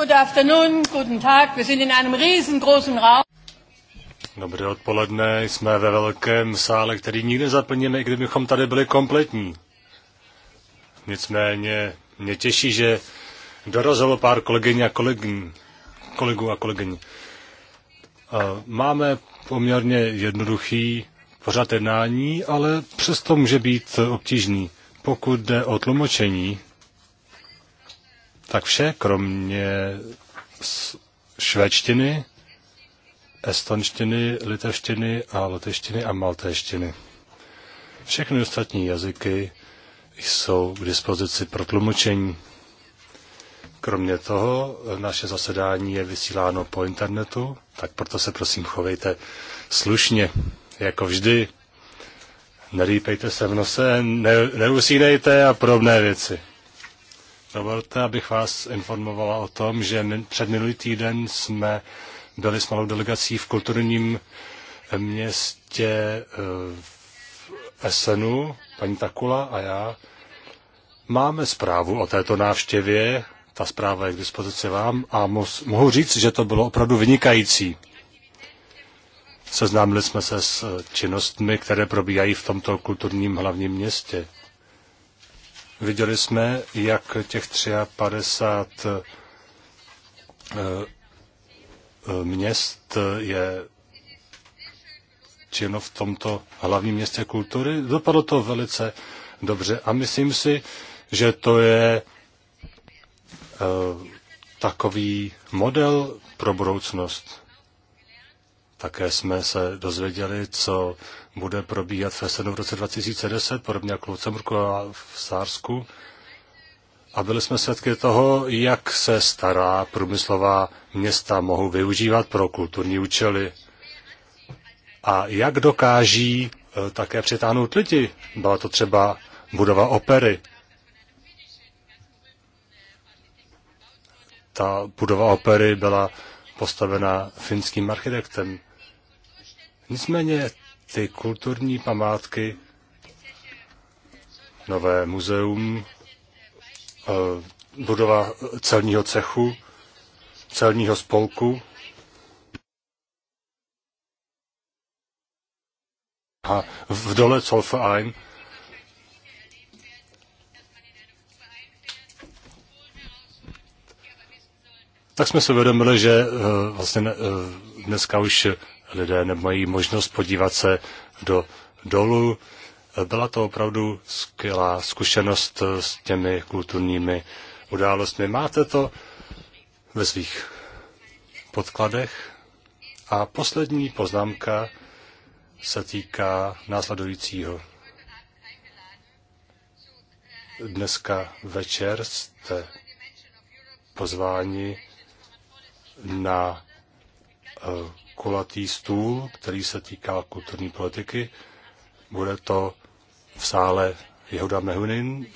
Good afternoon, guten Tag. Wir sind in einem riesengroßen Raum. Dobré odpoledne, jsme ve velkém sále, který nikdy nezaplněme, i kdybychom tady byli kompletní. Nicméně mě těší, že dorazilo pár kolegyň a kolegyň, kolegů a kolegyň. Máme poměrně jednoduchý pořad jednání, ale přesto může být obtížný. Pokud jde o tlumočení, tak vše, kromě švédštiny, estonštiny, litevštiny a lotyštiny a maltéštiny. Všechny ostatní jazyky jsou k dispozici pro tlumočení. Kromě toho naše zasedání je vysíláno po internetu, tak proto se prosím chovejte slušně, jako vždy. Nerýpejte se v nose, ne, neusínejte a podobné věci. Dovolte, abych vás informovala o tom, že před minulý týden jsme byli s malou delegací v kulturním městě eh, v Esenu, paní Takula a já. Máme zprávu o této návštěvě, ta zpráva je k dispozici vám a mohu říct, že to bylo opravdu vynikající. Seznámili jsme se s eh, činnostmi, které probíhají v tomto kulturním hlavním městě. Viděli jsme, jak těch 53 eh, eh, měst je činno v tomto hlavním městě kultury. Dopadlo to velice dobře a myslím si, že to je eh, takový model pro budoucnost. Také jsme se dozvěděli, co bude probíhat v Esenu v roce 2010, podobně jako v Lucemburku a v Sársku. A byli jsme svědky toho, jak se stará průmyslová města mohou využívat pro kulturní účely a jak dokáží eh, také přitáhnout lidi. Byla to třeba budova opery. Ta budova opery byla postavena finským architektem. Nicméně ty kulturní památky, nové muzeum, eh, budova celního cechu, celního spolku a v dole Zollverein, tak jsme se uvědomili, že eh, vlastně eh, dneska už lidé nemají možnost podívat se do dolů. Byla to opravdu skvělá zkušenost s těmi kulturními událostmi. Máte to ve svých podkladech. A poslední poznámka se týká následujícího. Dneska večer jste pozváni na eh, kulatý stůl, který se týká kulturní politiky. Bude to v sále Jehuda Mehunin.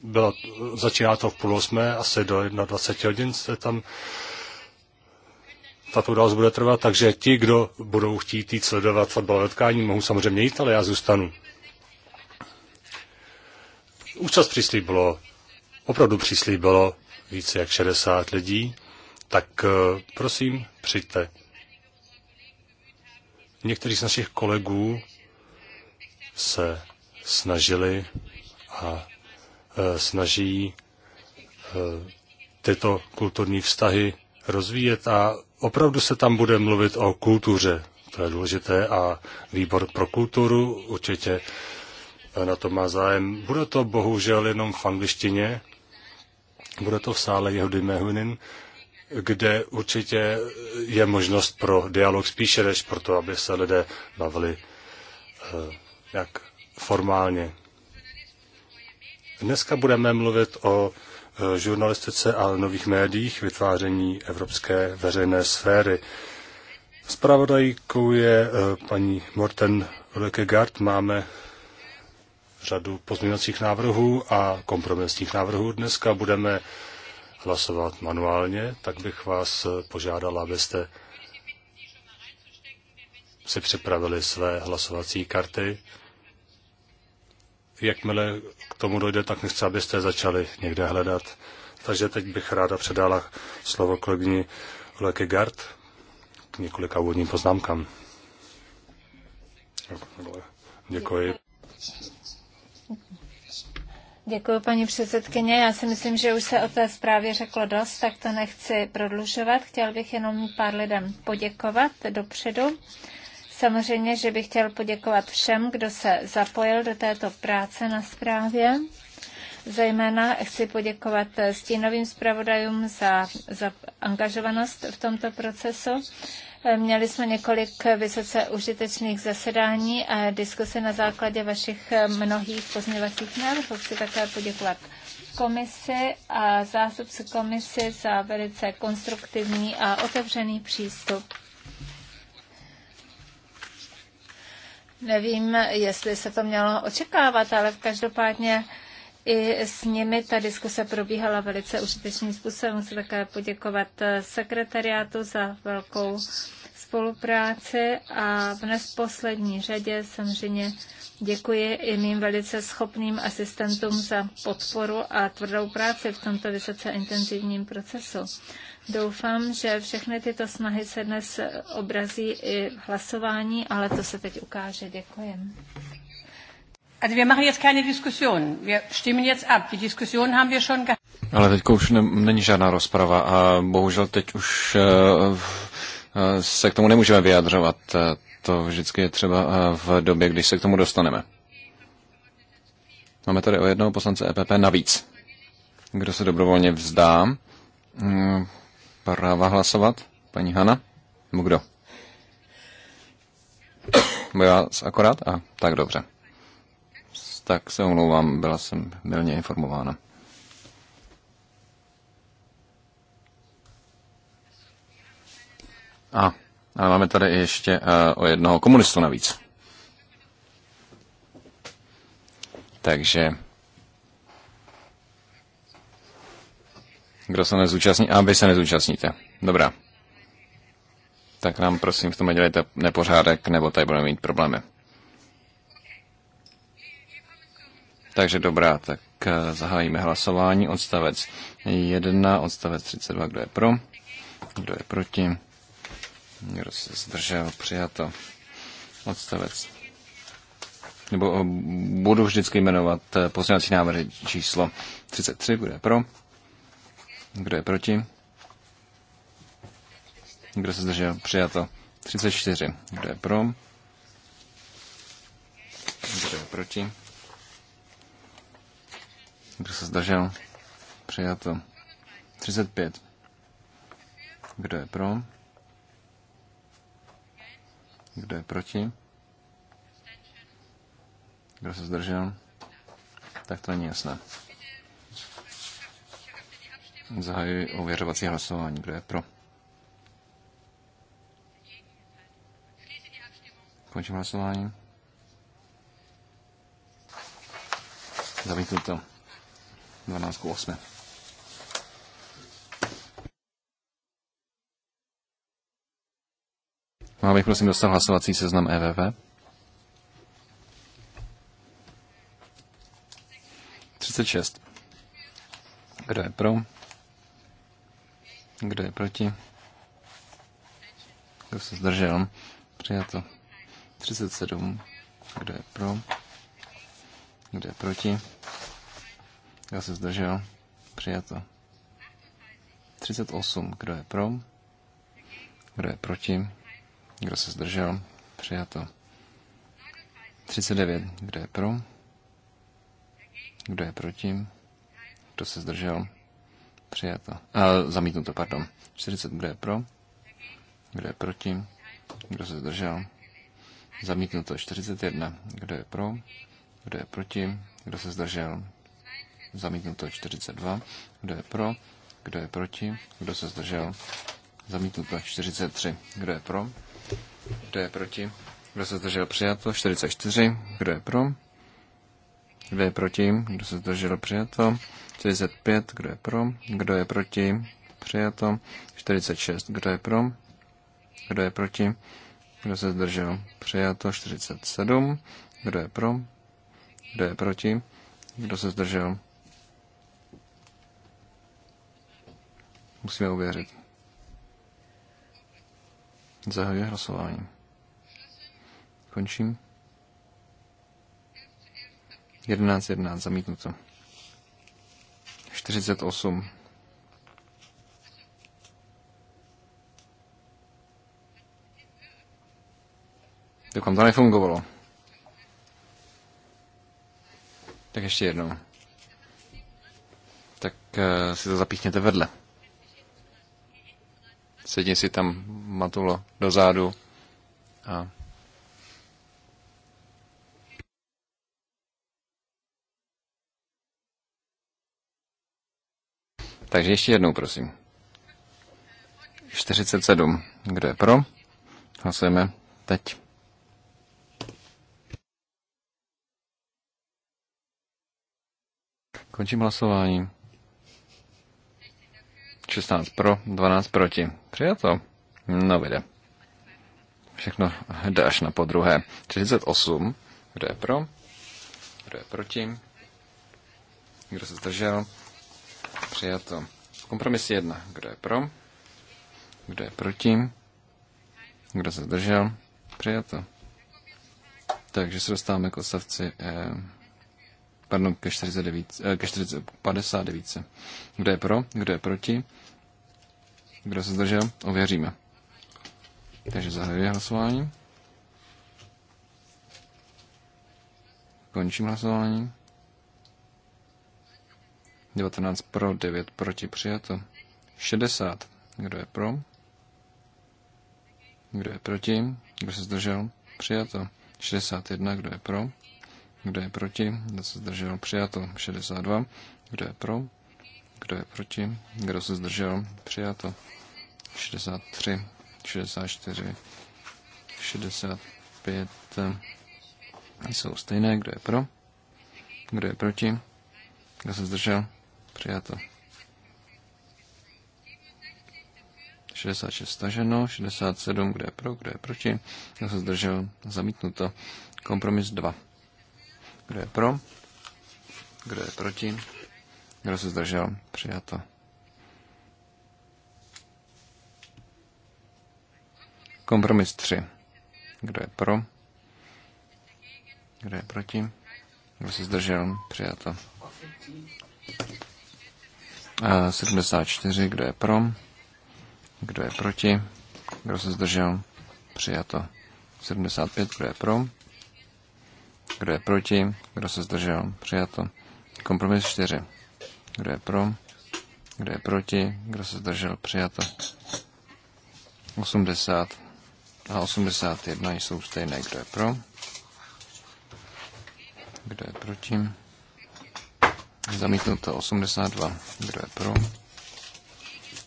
Bylo, začíná to v půl osmé, asi do 21 hodin se tam tato událost bude trvat, takže ti, kdo budou chtít jít sledovat fotbalové utkání, mohou samozřejmě jít, ale já zůstanu. Účast přislíbilo, opravdu přislíbilo více jak 60 lidí tak eh, prosím, přijďte. Někteří z našich kolegů se snažili a eh, snaží eh, tyto kulturní vztahy rozvíjet a opravdu se tam bude mluvit o kultuře. To je důležité a výbor pro kulturu určitě na to má zájem. Bude to bohužel jenom v angličtině, bude to v sále Jehudy Mehunin, kde určitě je možnost pro dialog spíše než to, aby se lidé bavili eh, jak formálně. Dneska budeme mluvit o eh, žurnalistice a nových médiích, vytváření evropské veřejné sféry. Spravodajkou je eh, paní Morten Lekegaard. Máme řadu pozměňovacích návrhů a kompromisních návrhů. Dneska budeme hlasovat manuálně, tak bych vás požádala, abyste si připravili své hlasovací karty. Jakmile k tomu dojde, tak nechci, abyste začali někde hledat. Takže teď bych ráda předala slovo kolegyni Leky Gard k několika úvodním poznámkám. Děkuji. Děkuji, paní předsedkyně. Já si myslím, že už se o té zprávě řeklo dost, tak to nechci prodlužovat. Chtěl bych jenom pár lidem poděkovat dopředu. Samozřejmě, že bych chtěl poděkovat všem, kdo se zapojil do této práce na zprávě. Zejména chci poděkovat stínovým zpravodajům za, za angažovanost v tomto procesu Měli jsme několik vysoce užitečných zasedání a diskuse na základě vašich mnohých pozměvacích návrhů. Chci také poděkovat komisi a zástupci komisi za velice konstruktivní a otevřený přístup. Nevím, jestli se to mělo očekávat, ale každopádně i s nimi ta diskuse probíhala velice užitečným způsobem. Musím také poděkovat eh, sekretariátu za velkou spolupráci a v neposlední řadě samozřejmě děkuji i mým velice schopným asistentům za podporu a tvrdou práci v tomto vysoce intenzivním procesu. Doufám, že všechny tyto snahy se dnes obrazí i v hlasování, ale to se teď ukáže. Děkuji. Also wir machen jetzt keine Diskussion. Wir stimmen jetzt ab. Die Diskussion haben wir schon gehabt. Ale teď už ne, není žádná rozprava a bohužel teď už uh, uh, se k tomu nemůžeme vyjadřovat. Eh, to vždycky je třeba uh, v době, když se k tomu dostaneme. Máme tady o jednoho poslance EPP navíc. Kdo se dobrovolně vzdá um, práva hlasovat? Paní Hana? Nebo kdo? Bo já akorát? A tak dobře tak se omlouvám, byla jsem milně informována. A, ale máme tady ještě eh, o jednoho komunistu navíc. Takže kdo se nezúčastní, a vy se nezúčastníte. Dobrá. Tak nám prosím v tom dělejte nepořádek, nebo tady budeme mít problémy. Takže dobrá, tak eh, zahájíme hlasování. Odstavec 1, odstavec 32, kdo je pro, kdo je proti, kdo se zdržel, přijato. Odstavec. Nebo eh, budu vždycky jmenovat eh, pozměňovací návrhy číslo 33, kdo je pro, kdo je proti, kdo se zdržel, přijato. 34, kdo je pro, kdo je proti. Kdo se zdržel? Přijato. 35. Kdo je pro? Kdo je proti? Kdo se zdržel? Tak to není jasné. Zahajuji ověřovací hlasování. Kdo je pro? Končím hlasování. Zamítnuto. to. 12.8. k Mám bych prosím dostal hlasovací seznam EVV? Kdo je pro? Kdo je proti? Kdo se zdržel? Přijato. 37. Kdo je pro? Kdo je proti? Já se zdržel? Přijato. 38. Kdo je pro? Kdo je proti? Kdo se zdržel? Přijato. 39. Kdo je pro? Kdo je proti? Kdo se zdržel? Přijato. A zamítnuto, pardon. 40. Kdo je pro? Kdo je proti? Kdo se zdržel? Zamítnuto. 41. Kdo je pro? Kdo je proti? Kdo se zdržel? zamítnuto 42, kdo je pro, kdo je proti, kdo se zdržel, zamítnuto 43, kdo je pro, kdo je proti, kdo se zdržel, přijato 44, kdo je pro, kdo je proti, kdo se zdržel, přijato 45, kdo je pro, kdo je proti, přijato 46, kdo je pro, kdo je proti, kdo se zdržel, přijato 47, kdo je pro, kdo je proti? Kdo se zdržel? Musíme uvěřit. Zahajuji hlasování. Končím. 11, 11, zamítnuto. 48. Dokud to nefungovalo. Tak ještě jednou. Tak uh, si to zapíchněte vedle. Sedni si tam, Matulo, dozadu. A Takže ještě jednou, prosím. 47. Kdo je pro? Hlasujeme teď. Končím hlasování. 16 pro, 12 proti. Přijato? No vyjde. Všechno jde až na podruhé. 38. Kdo je pro? Kdo je proti? Kdo se zdržel? Přijato. Kompromis 1. Kdo je pro? Kdo je proti? Kdo se zdržel? Přijato. Takže se dostáváme k odstavci eh, pardon, ke, 49, eh, ke 40, 59. Kdo je pro, kdo je proti, kdo se zdržel, ověříme. Takže zahajuji hlasování. Končím hlasování. 19 pro, 9 proti, přijato. 60. Kdo je pro? Kdo je proti? Kdo se zdržel? Přijato. 61. Kdo je pro? Kdo je proti? Kdo se zdržel? Přijato. 62. Kdo je pro? Kdo je proti? Kdo se zdržel? Přijato. 63. 64. 65. Jsou stejné. Kdo je pro? Kdo je proti? Kdo se zdržel? Přijato. 66 staženo, 67, kdo je pro, kdo je proti, kdo se zdržel, zamítnuto. Kompromis 2. Kdo je pro? Kdo je proti? Kdo se zdržel? Přijato. Kompromis 3. Kdo je pro? Kdo je proti? Kdo se zdržel? Přijato. A 74. Kdo je pro? Kdo je proti? Kdo se zdržel? Přijato. 75. Kdo je pro? Kdo je proti? Kdo se zdržel? Přijato. Kompromis 4. Kdo je pro? Kdo je proti? Kdo se zdržel? Přijato. 80 a 81 jsou stejné. Kdo je pro? Kdo je proti? Zamítnuto 82. Kdo je pro?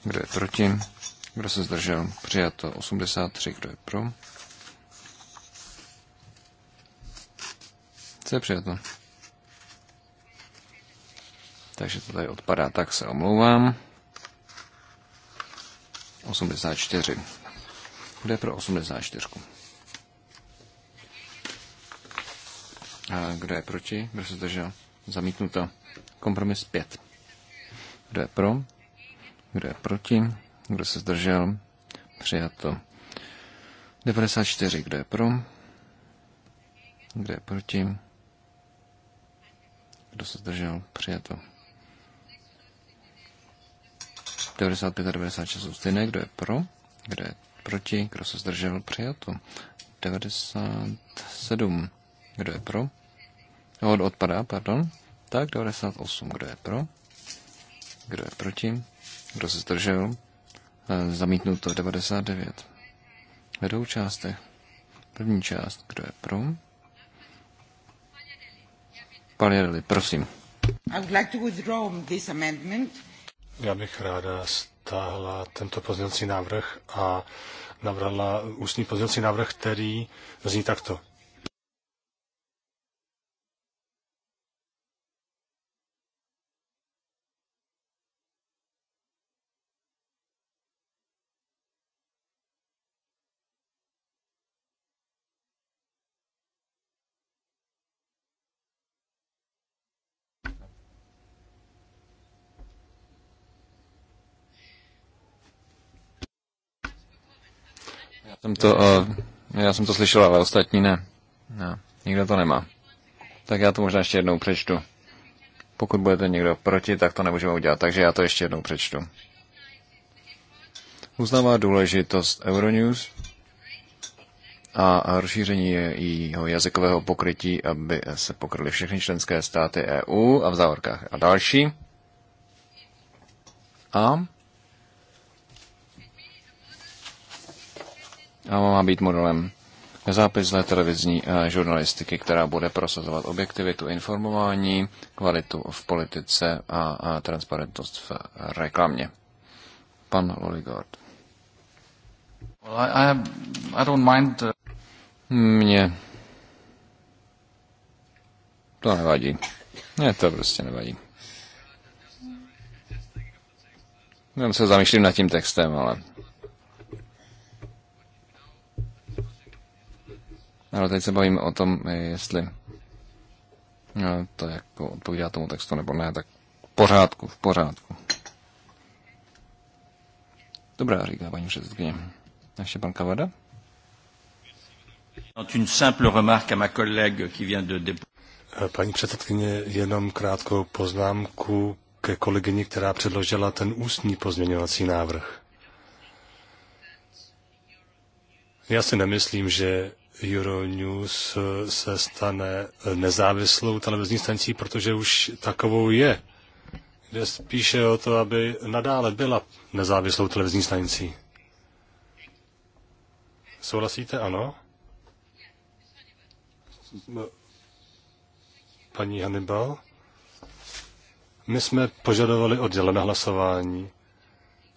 Kdo je proti? Kdo se zdržel? Přijato 83. Kdo je pro? Co je přijato? Takže to tady odpadá, tak se omlouvám. 84. Kde pro 84? A kdo je proti? Kdo se zdržel? Zamítnuto. Kompromis 5. Kdo je pro? Kdo je proti? Kdo se zdržel? Přijato. 94. Kdo je pro? Kdo je proti? Kdo se zdržel? Přijato. 95 a 96 jsou stejné. Kdo je pro? Kdo je proti? Kdo se zdržel? Přijato. 97. Kdo je pro? Od, odpadá, pardon. Tak, 98. Kdo je pro? Kdo je proti? Kdo se zdržel? E, zamítnuto 99. Vedou částech. První část, kdo je pro? Palierli, prosím. Já bych ráda stáhla tento pozměňovací návrh a navrhla ústní pozměňovací návrh, který zní takto. Jsem to, uh, já jsem to slyšel, ale ostatní ne. No, nikdo to nemá. Tak já to možná ještě jednou přečtu. Pokud budete někdo proti, tak to nemůžeme udělat, takže já to ještě jednou přečtu. Uznává důležitost Euronews a rozšíření jeho jazykového pokrytí, aby se pokryly všechny členské státy EU a v závorkách a další. A a má být modelem zápisné televizní eh, žurnalistiky, která bude prosazovat objektivitu informování, kvalitu v politice a transparentnost v reklamě. Pan Loligard. Well, I, I don't mind. Uh, Mně to nevadí. Mně to prostě nevadí. Jenom se zamýšlím nad tím textem, ale Ale teď se bavíme o tom, jestli no, to jako odpovídá tomu textu nebo ne, tak v pořádku, v pořádku. Dobrá, říká paní předsedkyně. Ještě pan Kavada? Une simple remarque à ma collègue qui vient de eh, Paní předsedkyně, jenom krátkou poznámku ke kolegyni, která předložila ten ústní pozměňovací návrh. Já si nemyslím, že Euronews eh, se stane eh, nezávislou televizní stanicí, protože už takovou je. Jde spíše o to, aby nadále byla nezávislou televizní stanicí. Souhlasíte? Ano? Paní Hannibal? My jsme požadovali oddělené hlasování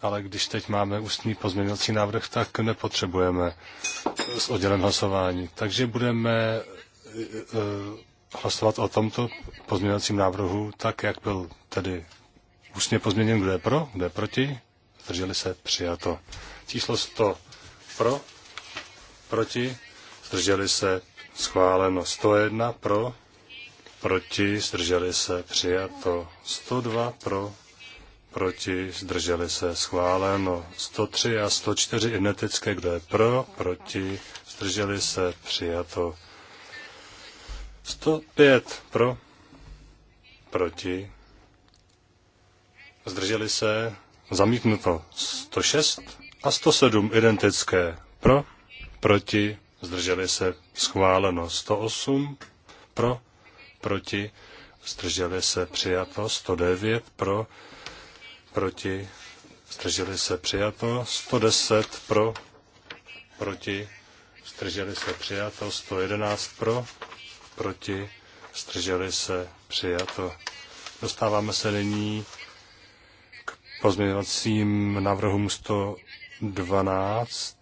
ale když teď máme ústní pozměňovací návrh, tak nepotřebujeme s oddělen hlasování. Takže budeme e, e, hlasovat o tomto pozměňovacím návrhu tak, jak byl tedy ústně pozměněn, kdo je pro, kdo je proti, zdrželi se, přijato. Číslo 100 pro, proti, zdrželi se, schváleno. 101 pro, proti, zdrželi se, přijato. 102 pro, proti, zdrželi se, schváleno. 103 a 104 identické, kdo je pro, proti, zdrželi se, přijato. 105 pro, proti, zdrželi se, zamítnuto. 106 a 107 identické, pro, proti, zdrželi se, schváleno. 108 pro, proti, zdrželi se, přijato. 109 pro, proti, zdrželi se přijato, 110 pro, proti, zdrželi se přijato, 111 pro, proti, zdrželi se přijato. Dostáváme se nyní k pozměňovacím návrhům 112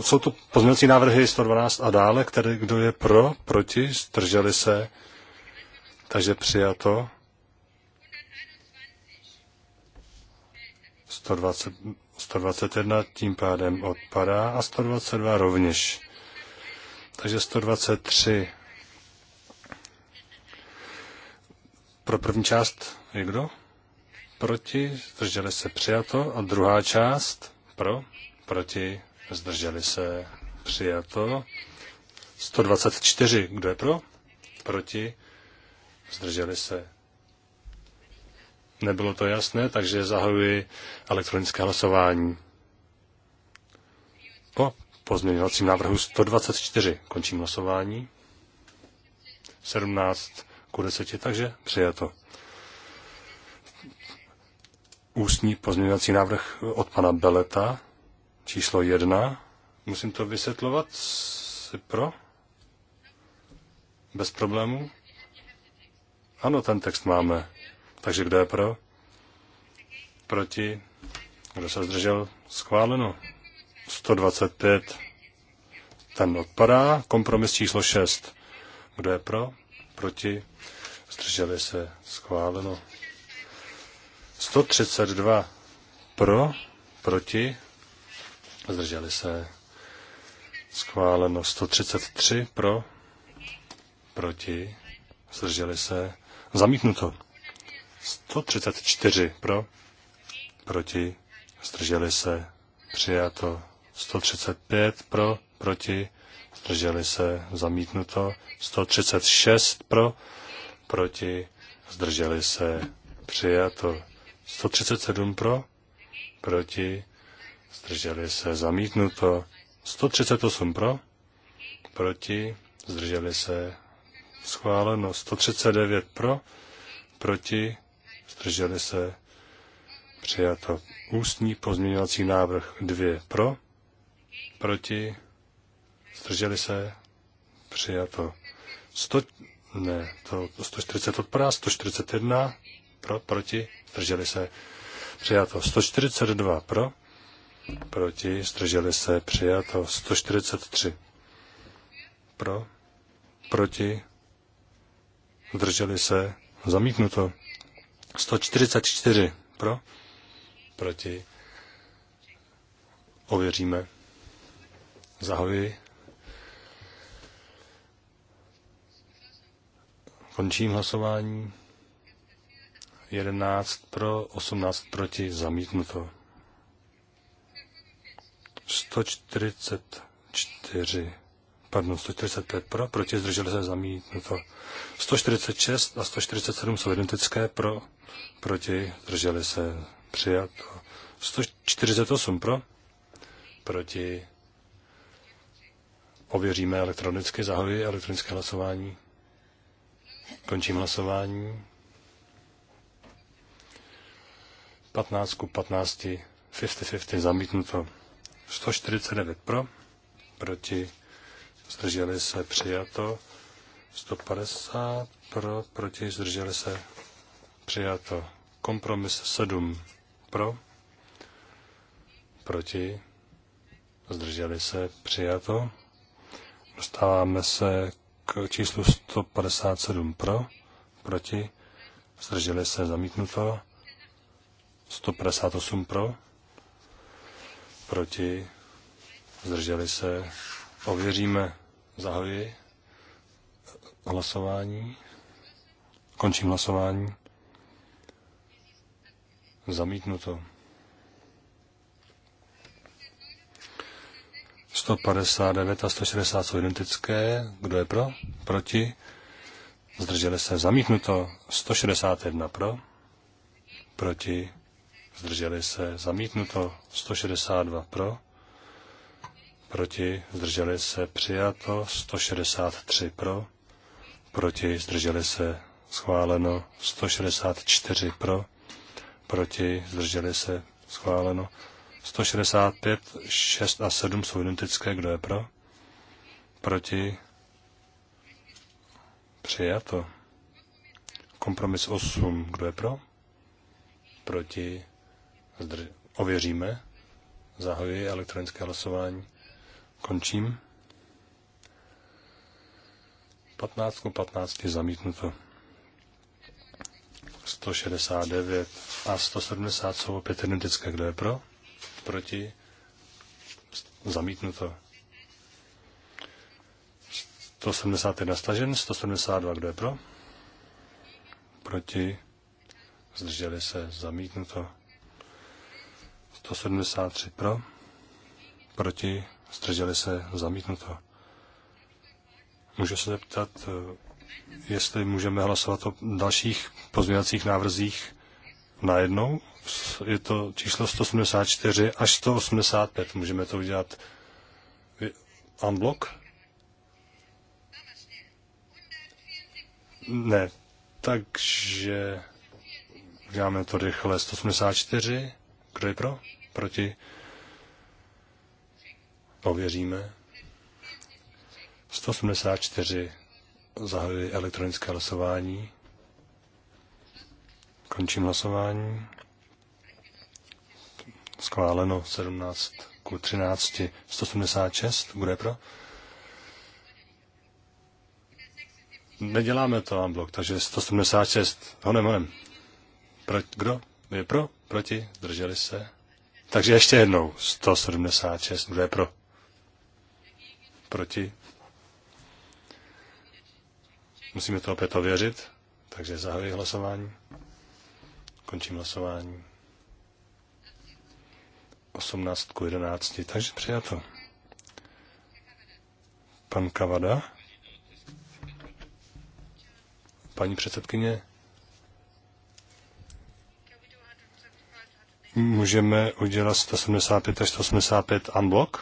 jsou to pozměňovací návrhy 112 a dále, které kdo je pro, proti, zdrželi se, takže přijato. 120, 121 tím pádem odpadá a 122 rovněž. Takže 123. Pro první část je kdo? Proti, zdrželi se přijato. A druhá část pro, proti, zdrželi se, přijato. 124, kdo je pro? Proti, zdrželi se. Nebylo to jasné, takže zahajuji elektronické hlasování. Po pozměňovacím návrhu 124 končím hlasování. 17 ku 10, takže přijato. Ústní pozměňovací návrh od pana Beleta. Číslo jedna. Musím to vysvětlovat? si pro? Bez problémů? Ano, ten text máme. Takže kdo je pro? Proti? Kdo se zdržel? Schváleno. 125. Ten odpadá. Kompromis číslo 6. Kdo je pro? Proti? Zdrželi se. Schváleno. 132. Pro? Proti? Zdrželi se. Schváleno 133 pro. Proti. Zdrželi se. Zamítnuto. 134 pro. Proti. Zdrželi se. Přijato. 135 pro. Proti. Zdrželi se. Zamítnuto. 136 pro. Proti. Zdrželi se. Přijato. 137 pro. Proti zdrželi se, zamítnuto. 138 pro, proti, zdrželi se, schváleno. 139 pro, proti, zdrželi se, přijato. Ústní pozměňovací návrh 2 pro, proti, zdrželi se, přijato. 100, ne, to 140 odpadá, 141 pro, proti, zdrželi se, přijato. 142 pro, proti, zdrželi se, přijato 143. Pro, proti, zdrželi se, zamítnuto 144. Pro, proti, ověříme. Zahoji. Končím hlasování. 11 pro, 18 proti, zamítnuto. 144, pardon, 145 pro, proti zdrželi se zamítnuto. 146 a 147 jsou identické pro, proti zdrželi se přijato. 148 pro, proti ověříme elektronicky, zahajuji elektronické hlasování. Končím hlasování. 15 ku 15, 50-50 zamítnuto. 149 pro, proti, zdrželi se přijato, 150 pro, proti, zdrželi se přijato, kompromis 7 pro, proti, zdrželi se přijato, dostáváme se k číslu 157 pro, proti, zdrželi se zamítnuto, 158 pro, proti, zdrželi se, ověříme, zahoji hlasování, končím hlasování, zamítnuto. 159 a 160 jsou identické. Kdo je pro? Proti? Zdrželi se. Zamítnuto. 161 pro? Proti? zdrželi se, zamítnuto 162 pro, proti, zdrželi se, přijato 163 pro, proti, zdrželi se, schváleno 164 pro, proti, zdrželi se, schváleno 165, 6 a 7 jsou identické, kdo je pro, proti, přijato. Kompromis 8, kdo je pro? Proti zdr- ověříme. Zahajuji elektronické hlasování. Končím. 15 ku 15 zamítnuto. 169 a 170 jsou opět identické. Kdo je pro? Proti? Zamítnuto. 171 stažen, 172 kdo je pro? Proti? Zdrželi se, zamítnuto. 173 pro, proti, zdrželi se, zamítnuto. Můžu se zeptat, eh, jestli můžeme hlasovat o dalších pozměňovacích návrzích najednou. Je to číslo 184 až 185. Můžeme to udělat unblock? Ne, takže uděláme to rychle. 184, kdo je pro? proti, ověříme. 184 zahajuji elektronické hlasování. Končím hlasování. Skváleno 17 ku 13. 176. Kdo je pro? Neděláme to blok, takže 176. Honem, honem. Pro, kdo? Je pro? Proti? Drželi se? Takže ještě jednou, 176, kdo je pro? Proti? Musíme to opět ověřit, takže zahajuji hlasování. Končím hlasování. 18 k 11, takže přijato. Pan Kavada? Paní předsedkyně? Můžeme udělat 175 až 185 unblock?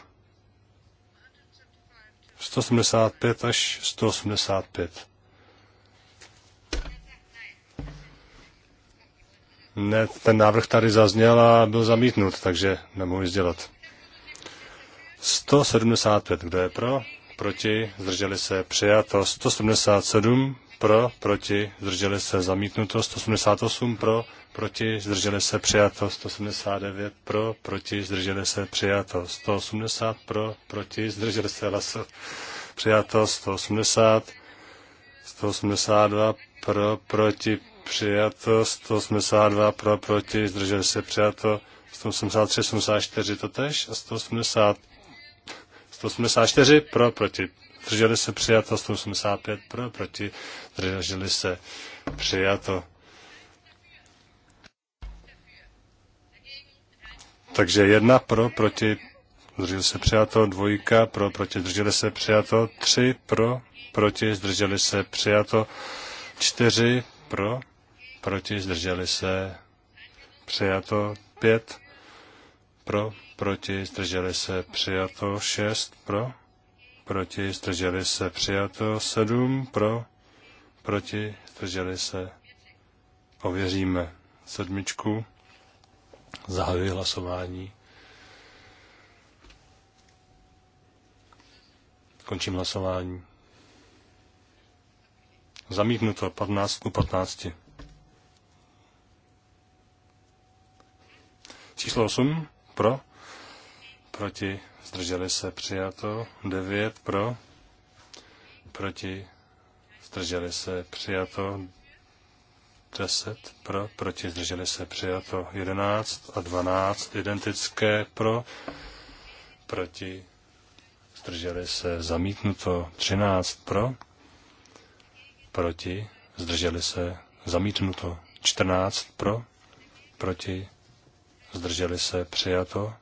175 až 185. Ne, ten návrh tady zazněl a byl zamítnut, takže nemohu dělat. 175, kdo je pro? Proti, zdrželi se, přijato. 177, pro, proti, zdrželi se, zamítnuto. 178, pro, proti, zdrželi se přijato 189 pro, proti, zdrželi se přijato 180 pro, proti, zdrželi se hlasov přijato 180, 182 pro, proti, přijato 182 pro, proti, zdrželi se přijato 183, 184 tež a 180, 184 pro, proti, zdrželi se přijato 185 pro, proti, zdrželi se přijato Takže jedna pro, proti, zdrželi se přijato, dvojka pro, proti, zdrželi se přijato, tři pro, proti, zdrželi se přijato, čtyři pro, proti, zdrželi se přijato, pět pro, proti, zdrželi se přijato, šest pro, proti, zdrželi se přijato, sedm pro, proti, zdrželi se, ověříme sedmičku. Zahajuji hlasování. Končím hlasování. Zamítnuto 15 ku 15. Číslo 8 pro, proti, zdrželi se, přijato. 9 pro, proti, zdrželi se, přijato. 10 pro, proti zdrželi se přijato 11 a 12 identické pro, proti zdrželi se zamítnuto 13 pro, proti zdrželi se zamítnuto 14 pro, proti zdrželi se přijato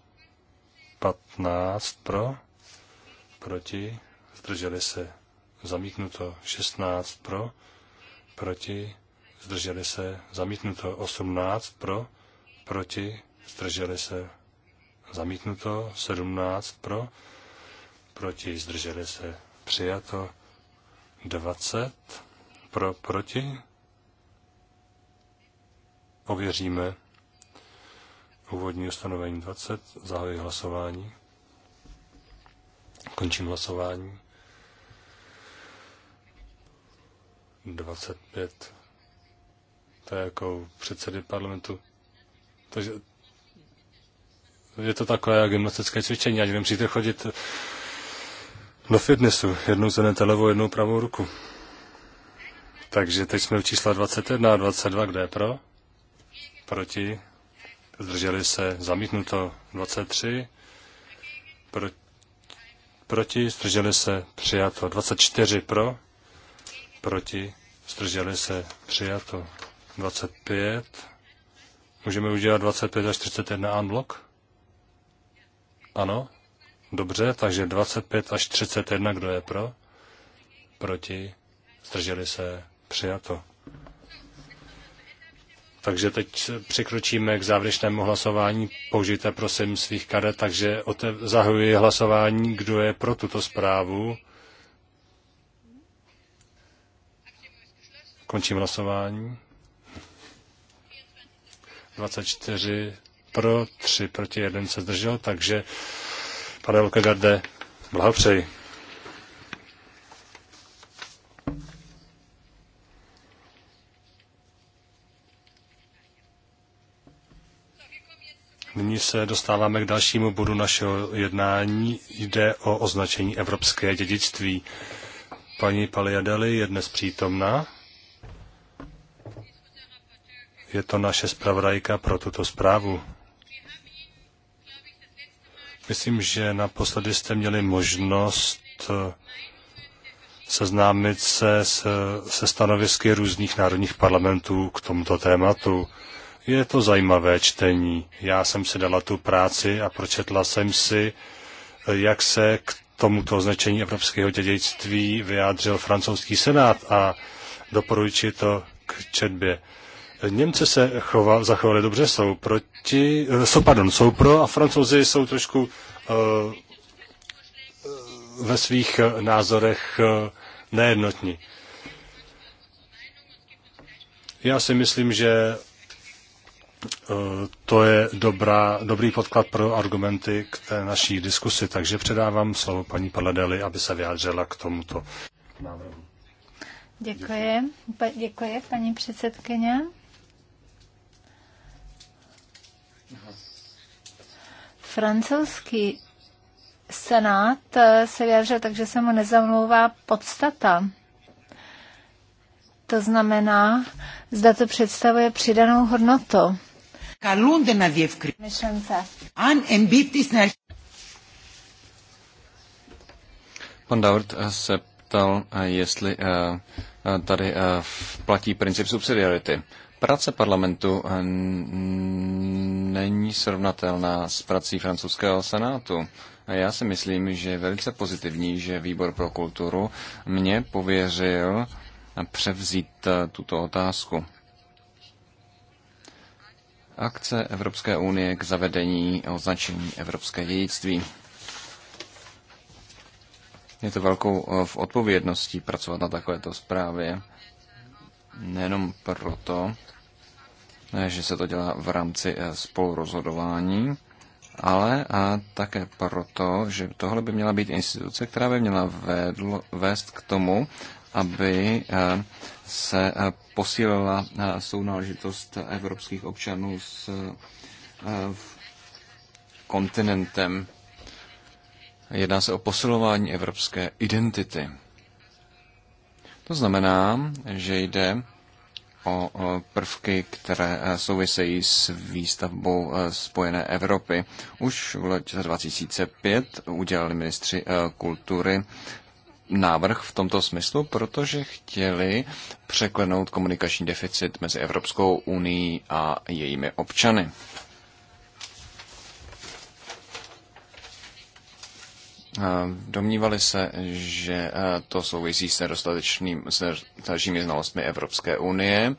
15 pro, proti zdrželi se zamítnuto 16 pro, proti zdrželi se, zamítnuto 18 pro, proti, zdrželi se, zamítnuto 17 pro, proti, zdrželi se, přijato 20 pro, proti, ověříme úvodní ustanovení 20, zahajuji hlasování, končím hlasování, 25 to jako předsedy parlamentu. Takže je to takové gymnastické cvičení, ať nemusíte chodit do fitnessu, jednou zvednete levou, jednou pravou ruku. Takže teď jsme v čísla 21 a 22, kde je pro? Proti? Zdrželi se zamítnuto 23. Pro, proti? Zdrželi se přijato 24 pro? Proti? Zdrželi se přijato 25. Můžeme udělat 25 až 31 unblock? Ano? Dobře, takže 25 až 31, kdo je pro? Proti? Zdrželi se? Přijato. Takže teď přikročíme k závěrečnému hlasování. Použijte prosím svých karet, takže otev- zahajuji hlasování, kdo je pro tuto zprávu. Končím hlasování. 24 pro, 3 proti 1 se zdržel, takže pane Lukagarde, blahopřeji. Nyní se dostáváme k dalšímu bodu našeho jednání. Jde o označení evropské dědictví. Paní Paliadeli je dnes přítomná je to naše zpravodajka pro tuto zprávu. Myslím, že naposledy jste měli možnost eh, seznámit se se, se stanovisky různých národních parlamentů k tomuto tématu. Je to zajímavé čtení. Já jsem si dala tu práci a pročetla jsem si, eh, jak se k tomuto označení evropského dědictví vyjádřil francouzský senát a doporučuji to k četbě. Němci se chova, zachovali dobře, jsou proti, eh, jsou, pardon, jsou pro a francouzi jsou trošku uh, ve svých názorech uh, nejednotní. Já si myslím, že uh, to je dobrá, dobrý podklad pro argumenty k té naší diskusi, takže předávám slovo paní Paladeli, aby se vyjádřila k tomuto návrhu. Děkuji. Děkuji, paní předsedkyně. Francouzský senát se vyjádřil tak, že se mu nezamlouvá podstata. To znamená, zda to představuje přidanou hodnotu. Pan Daurt se ptal, jestli eh, tady eh, platí princip subsidiarity. Práce parlamentu eh, není srovnatelná s prací francouzského senátu. Já si myslím, že je velice pozitivní, že výbor pro kulturu mě pověřil převzít eh, tuto otázku. Akce Evropské unie k zavedení označení Evropské dědictví. Je to velkou eh, v odpovědností pracovat na takovéto zprávě. Nejenom proto, Eh, že se to dělá v rámci eh, spolurozhodování, ale a také proto, že tohle by měla být instituce, která by měla vedl, vést k tomu, aby eh, se posílila sounáležitost evropských občanů s kontinentem. Jedná se o posilování evropské identity. To znamená, že jde o prvky, které e, souvisejí s výstavbou e, Spojené Evropy. Už v roce 2005 udělali ministři e, kultury návrh v tomto smyslu, protože chtěli překlenout komunikační deficit mezi Evropskou unii a jejími občany. Eh, domnívali se, že eh, to souvisí s, nedostatečným, nedostatečnými znalostmi Evropské unie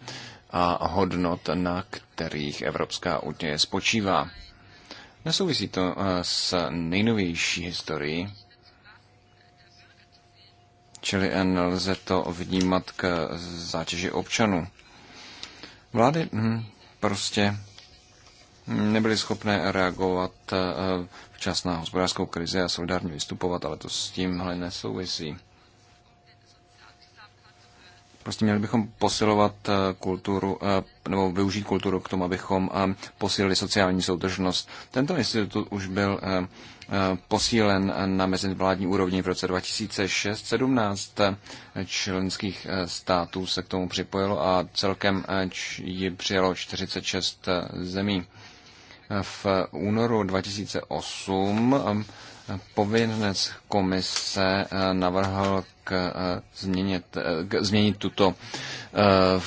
a hodnot, na kterých Evropská unie spočívá. Nesouvisí to eh, s nejnovější historií, čili nelze to vnímat k zátěži občanů. Vlády hm, prostě nebyly schopné reagovat eh, včas na hospodářskou krizi a solidárně vystupovat, ale to s tímhle nesouvisí. Prostě měli bychom posilovat eh, kulturu, eh, nebo využít kulturu k tomu, abychom posílili sociální soudržnost. Tento institut už byl posílen na mezinárodní úrovni v roce 2006. 17 členských států se k tomu připojilo a celkem ji přijalo 46 zemí v únoru 2008 pověřenec komise eh, navrhl k, eh, změnit, eh, k změnit tuto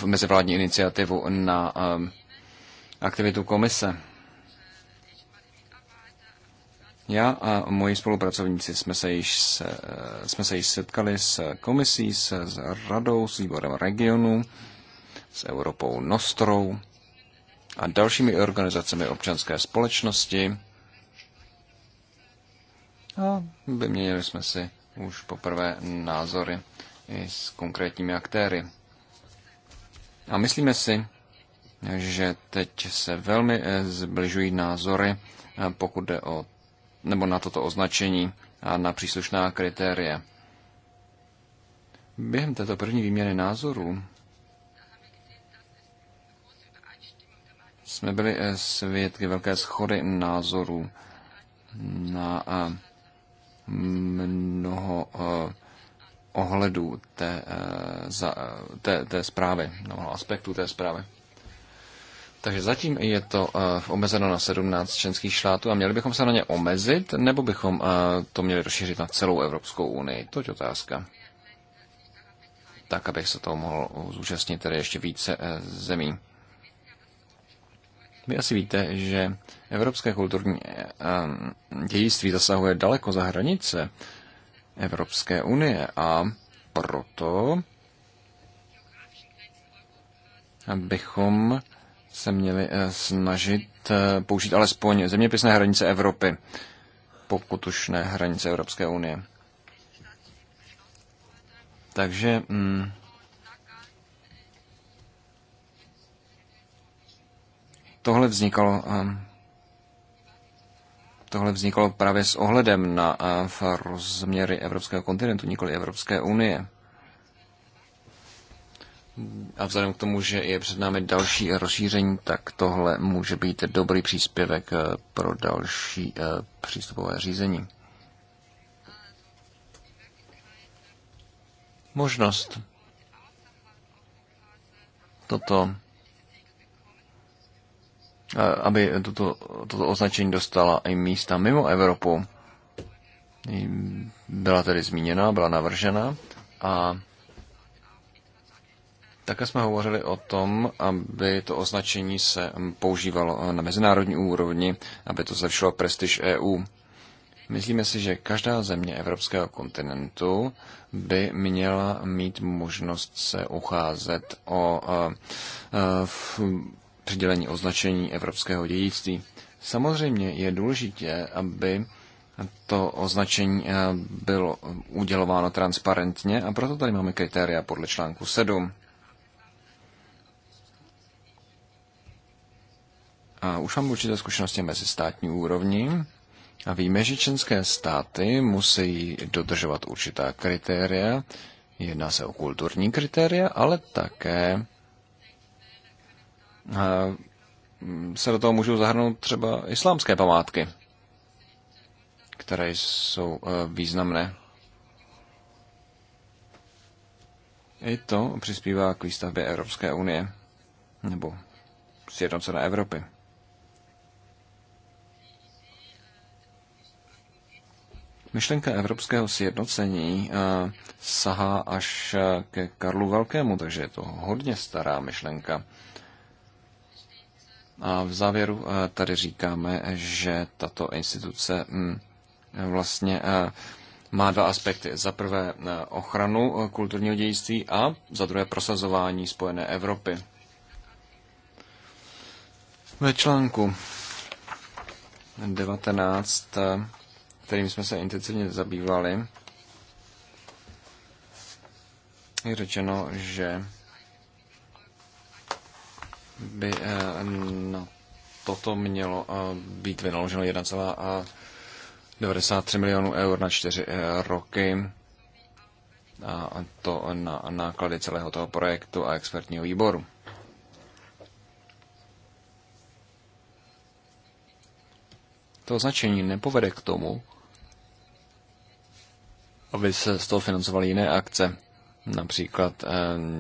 mezivládní iniciativu na aktivitu komise. Já a moji spolupracovníci jsme se již, se, jsme se již setkali s komisí, se, s radou, s výborem regionu, s Europou Nostrou a dalšími organizacemi občanské společnosti. A vyměnili jsme si už poprvé názory i s konkrétními aktéry. A myslíme si, že teď se velmi eh, zbližují názory, eh, pokud jde o, nebo na toto označení a na příslušná kritéria. Během této první výměny názorů jsme byli eh, svědky velké schody názorů na eh, mnoho eh, ohledů té, za, té, té zprávy, mnoho no, aspektů té zprávy. Takže zatím je to omezeno na 17 členských států a měli bychom se na ně omezit, nebo bychom to měli rozšířit na celou Evropskou unii? To je otázka. Tak, abych se toho mohl zúčastnit tedy ještě více zemí. Vy asi víte, že evropské kulturní eh, eh, dějství zasahuje daleko za hranice Evropské unie a proto bychom se měli eh, snažit použít alespoň zeměpisné hranice Evropy, pokud už ne hranice Evropské unie. Takže mm, Tohle vznikalo, ehm, tohle vznikalo právě s ohledem na eh, rozměry evropského kontinentu, nikoli Evropské unie. A vzhledem k tomu, že je před námi další rozšíření, tak tohle může být dobrý příspěvek eh, pro další eh, přístupové řízení. Možnost toto aby toto, toto označení dostala i místa mimo Evropu. Byla tedy zmíněna, byla navržena a také jsme hovořili o tom, aby to označení se používalo na mezinárodní úrovni, aby to zlepšilo prestiž EU. Myslíme si, že každá země evropského kontinentu by měla mít možnost se ucházet o přidělení označení evropského dědictví. Samozřejmě je důležité, aby to označení eh, bylo udělováno transparentně a proto tady máme kritéria podle článku 7. A už mám určité zkušenosti mezi státní úrovní a víme, že členské státy musí dodržovat určitá kritéria. Jedná se o kulturní kritéria, ale také Mm, se do toho můžou zahrnout třeba islámské památky, které jsou e, významné. I to přispívá k výstavbě Evropské unie nebo sjednocené Evropy. Myšlenka evropského sjednocení e, sahá až ke Karlu Velkému, takže je to hodně stará myšlenka. A v závěru eh, tady říkáme, že tato instituce hm, vlastně eh, má dva aspekty. Za prvé eh, ochranu kulturního dějství a za druhé prosazování spojené Evropy. Ve článku 19, kterým jsme se intenzivně zabývali, je řečeno, že by eh, na no, toto mělo eh, být vynaloženo 1,93 eh, milionů eur na čtyři roky a to na náklady celého toho projektu a expertního výboru. To označení nepovede k tomu, aby se z toho financovaly jiné akce, například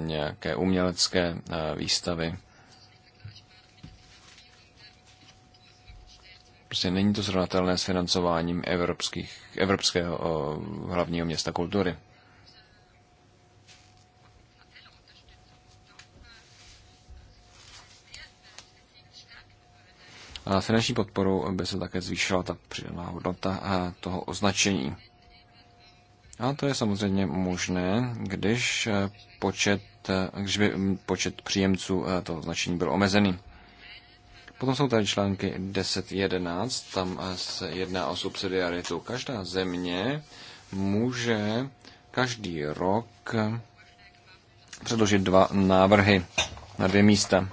nějaké umělecké výstavy Prostě není to srovnatelné s financováním evropských, evropského hlavního města kultury. A finanční podporou by se také zvýšila ta přidaná hodnota a toho označení. A to je samozřejmě možné, když e, počet, e, když by počet příjemců e, toho označení byl omezený. Potom jsou tady články 10.11, tam se jedná o subsidiaritu. Každá země může každý rok předložit dva návrhy na dvě místa.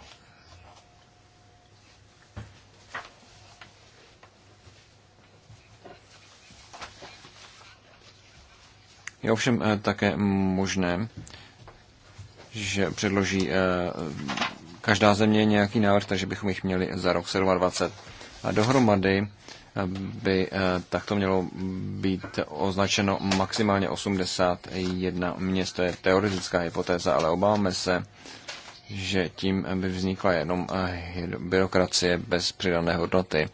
Je ovšem eh, také možné, že předloží eh, každá země je nějaký návrh, takže bychom jich měli za rok 27. A dohromady eh, by eh, takto mělo být označeno maximálně 81 měst. To je teoretická hypotéza, ale obáváme se, že tím by vznikla jenom eh, byrokracie bez přidané hodnoty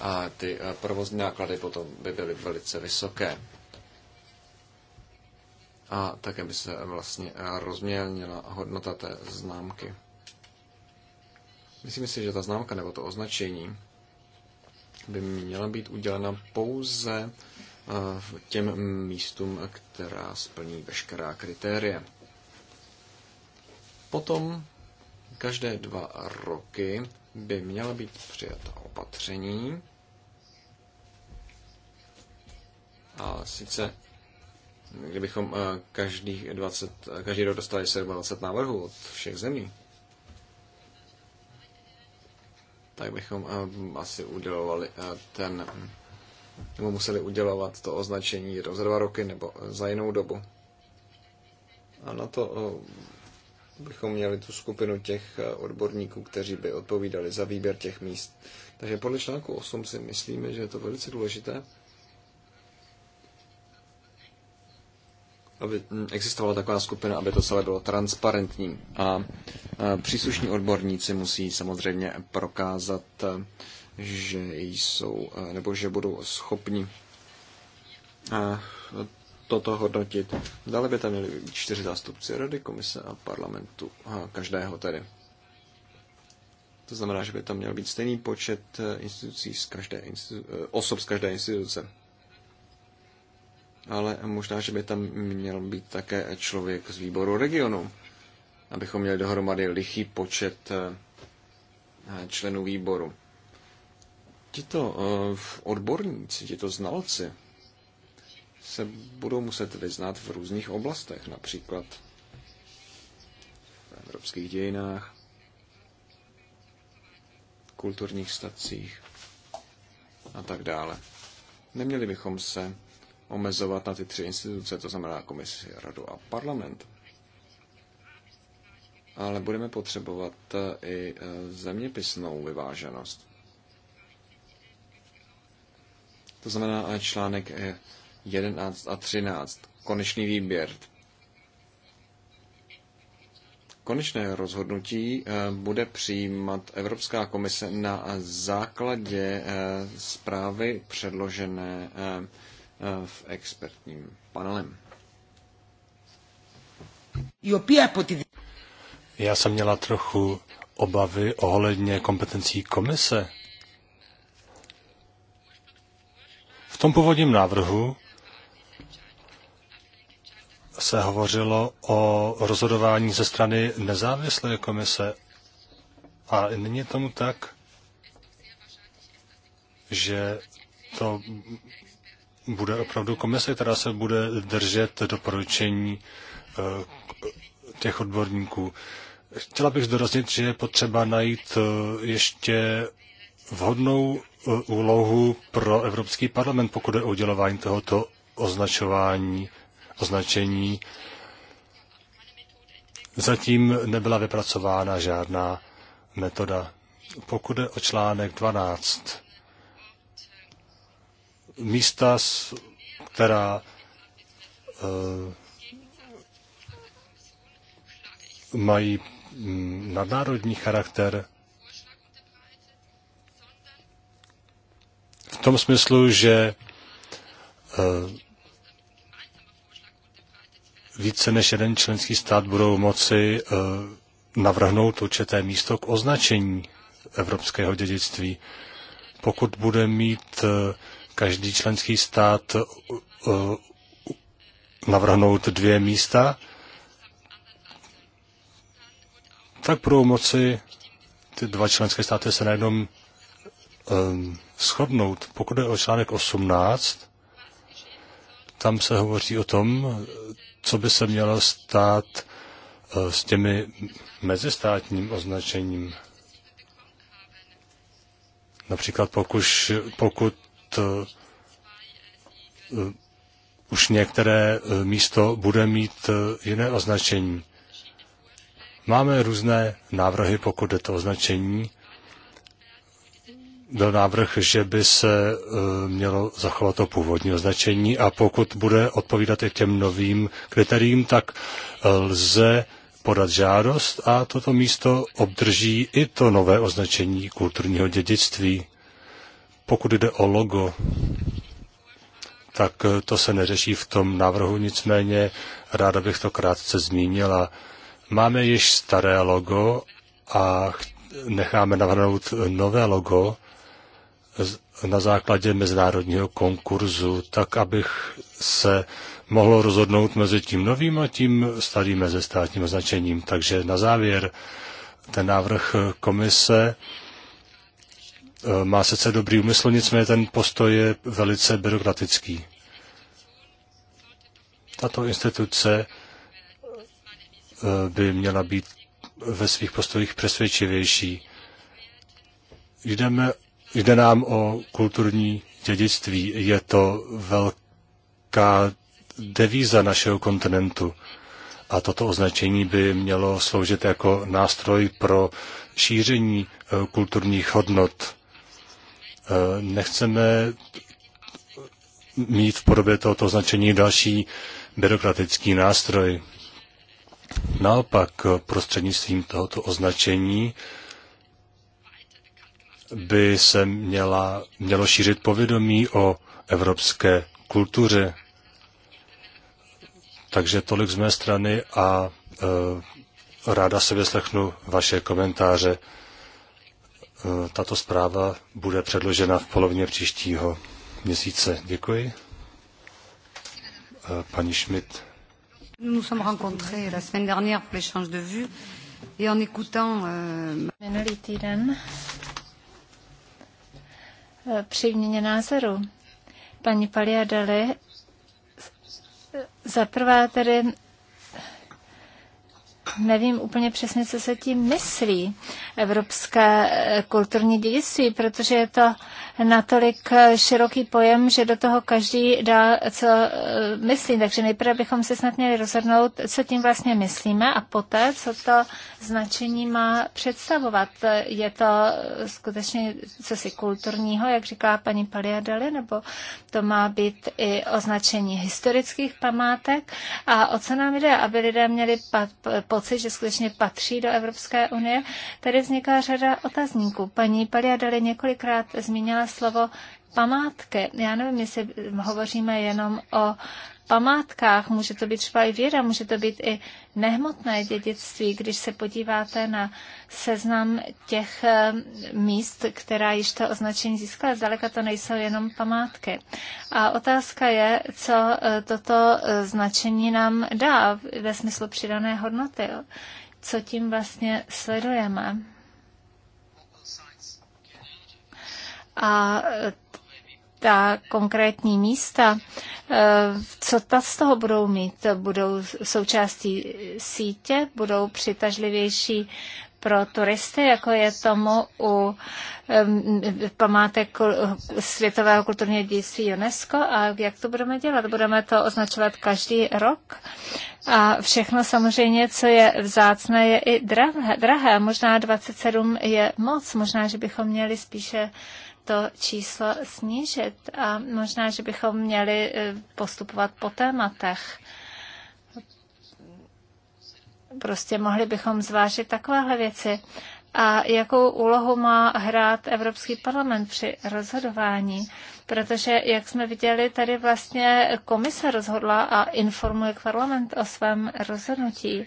a ty provozní náklady potom by byly velice vysoké. A také by se vlastně rozmělnila hodnota té známky. Myslím si, že ta známka nebo to označení by měla být udělena pouze eh, v těm místům, která splní veškerá kritéria. Potom každé dva roky by měla být přijata opatření, a sice kdybychom eh, každých 20, každý rok dostali 27 návrhů od všech zemí, tak bychom eh, asi udělovali eh, ten, nebo museli udělovat to označení za dva roky nebo eh, za jinou dobu. A na to bychom měli tu skupinu těch odborníků, kteří by odpovídali za výběr těch míst. Takže podle článku 8 si myslíme, že je to velice důležité, aby mm, existovala taková skupina, aby to celé bylo transparentní. A příslušní odborníci musí samozřejmě prokázat, eh, že jsou, eh, nebo že budou schopni eh, toto hodnotit. Dále by tam měli čtyři zástupci rady, komise a parlamentu, každého tedy. To znamená, že by tam měl být stejný počet institucí z každé institu- osob z každé instituce ale možná, že by tam měl být také člověk z výboru regionu, abychom měli dohromady lichý počet eh, členů výboru. Tito eh, odborníci, tito znalci se budou muset vyznat v různých oblastech, například v evropských dějinách, kulturních stacích a tak dále. Neměli bychom se omezovat na ty tři instituce, to znamená komisi, radu a parlament. Ale budeme potřebovat eh, i eh, zeměpisnou vyváženost. To znamená eh, článek 11 a 13, konečný výběr. Konečné rozhodnutí bude přijímat Evropská komise na základě zprávy předložené Eh, v expertním panelem. Já jsem měla trochu obavy ohledně kompetencí komise. V tom původním návrhu se hovořilo o rozhodování ze strany nezávislé komise. A není tomu tak, že to bude opravdu komise, která se bude držet doporučení eh, těch odborníků. Chtěla bych zdoraznit, že je potřeba najít eh, ještě vhodnou eh, úlohu pro Evropský parlament, pokud je udělování tohoto označování, označení. Zatím nebyla vypracována žádná metoda. Pokud je o článek 12, místa, která eh, mají mm, nadnárodní charakter v tom smyslu, že eh, více než jeden členský stát budou moci eh, navrhnout určité místo k označení evropského dědictví. Pokud bude mít každý členský stát uh, uh, navrhnout dvě místa, tak budou moci ty dva členské státy se najednou um, shodnout. Pokud je o článek 18, tam se hovoří o tom, co by se mělo stát uh, s těmi mezistátním označením. Například pokud, pokud Eh, eh, už některé eh, místo bude mít jiné označení. Máme různé návrhy, pokud je to označení. Byl návrh, že by se mělo zachovat to původní označení a pokud bude odpovídat i těm novým kritériím, tak lze podat žádost a toto místo obdrží i to nové označení kulturního dědictví. Pokud jde o logo, tak eh, to se neřeší v tom návrhu, nicméně ráda bych to krátce zmínila. Máme již staré logo a necháme navrhnout nové logo na základě mezinárodního konkurzu, tak abych se mohlo rozhodnout mezi tím novým a tím starým mezistátním označením. Takže na závěr ten návrh eh, komise Eh, má sice dobrý úmysl, nicméně ten postoj je velice byrokratický. Tato instituce eh, by měla být ve svých postojích přesvědčivější. Jdeme, jde nám o kulturní dědictví. Je to velká devíza našeho kontinentu. A toto označení by mělo sloužit jako nástroj pro šíření eh, kulturních hodnot. Eh, nechceme mít v podobě tohoto označení další byrokratický nástroj. Naopak prostřednictvím tohoto označení by se měla, mělo šířit povědomí o evropské kultuře. Takže tolik z mé strany a e, ráda se vyslechnu vaše komentáře. Eh, tato zpráva bude předložena v polovině příštího měsíce. Děkuji. Eh, paní Schmidt. Nous nous sommes rencontrés la semaine dernière pour l'échange de vues et en écoutant... Euh, Minulý týden eh, při měně názoru paní Paliadeli zaprvé tedy nevím úplně přesně, co se tím myslí, evropské kulturní dědictví, protože je to natolik široký pojem, že do toho každý dá, co eh, myslí. Takže nejprve bychom se snad měli rozhodnout, co tím vlastně myslíme a poté, co to značení má představovat. Je to eh, skutečně co si kulturního, jak říká paní Paliadeli, nebo to má být i označení historických památek a o co nám jde, aby lidé měli pocit, že skutečně patří do Evropské unie. Tady vzniká řada otazníků. Paní Paliadeli několikrát zmínila slovo památky. Já nevím, jestli hovoříme jenom o památkách, může to být třeba i věra, může to být i nehmotné dědictví, když se podíváte na seznam těch eh, míst, která již to označení získala, zdaleka to nejsou jenom památky. A otázka je, co eh, toto eh, značení nám dá ve smyslu přidané hodnoty, co tím vlastně sledujeme. a e, ta konkrétní místa, e, co ta z toho budou mít? Budou součástí sítě, budou přitažlivější pro turisty, jako je tomu u památek světového kulturního dědictví UNESCO. A jak to budeme dělat? Budeme to označovat každý rok? A všechno samozřejmě, co je vzácné, je i drahé. drahé. Možná 27 je moc, možná, že bychom měli spíše to číslo snížit a možná, že bychom měli e, postupovat po tématech. Prostě mohli bychom zvážit takovéhle věci a jakou úlohu má hrát Evropský parlament při rozhodování. Protože, jak jsme viděli, tady vlastně komise rozhodla a informuje parlament o svém rozhodnutí.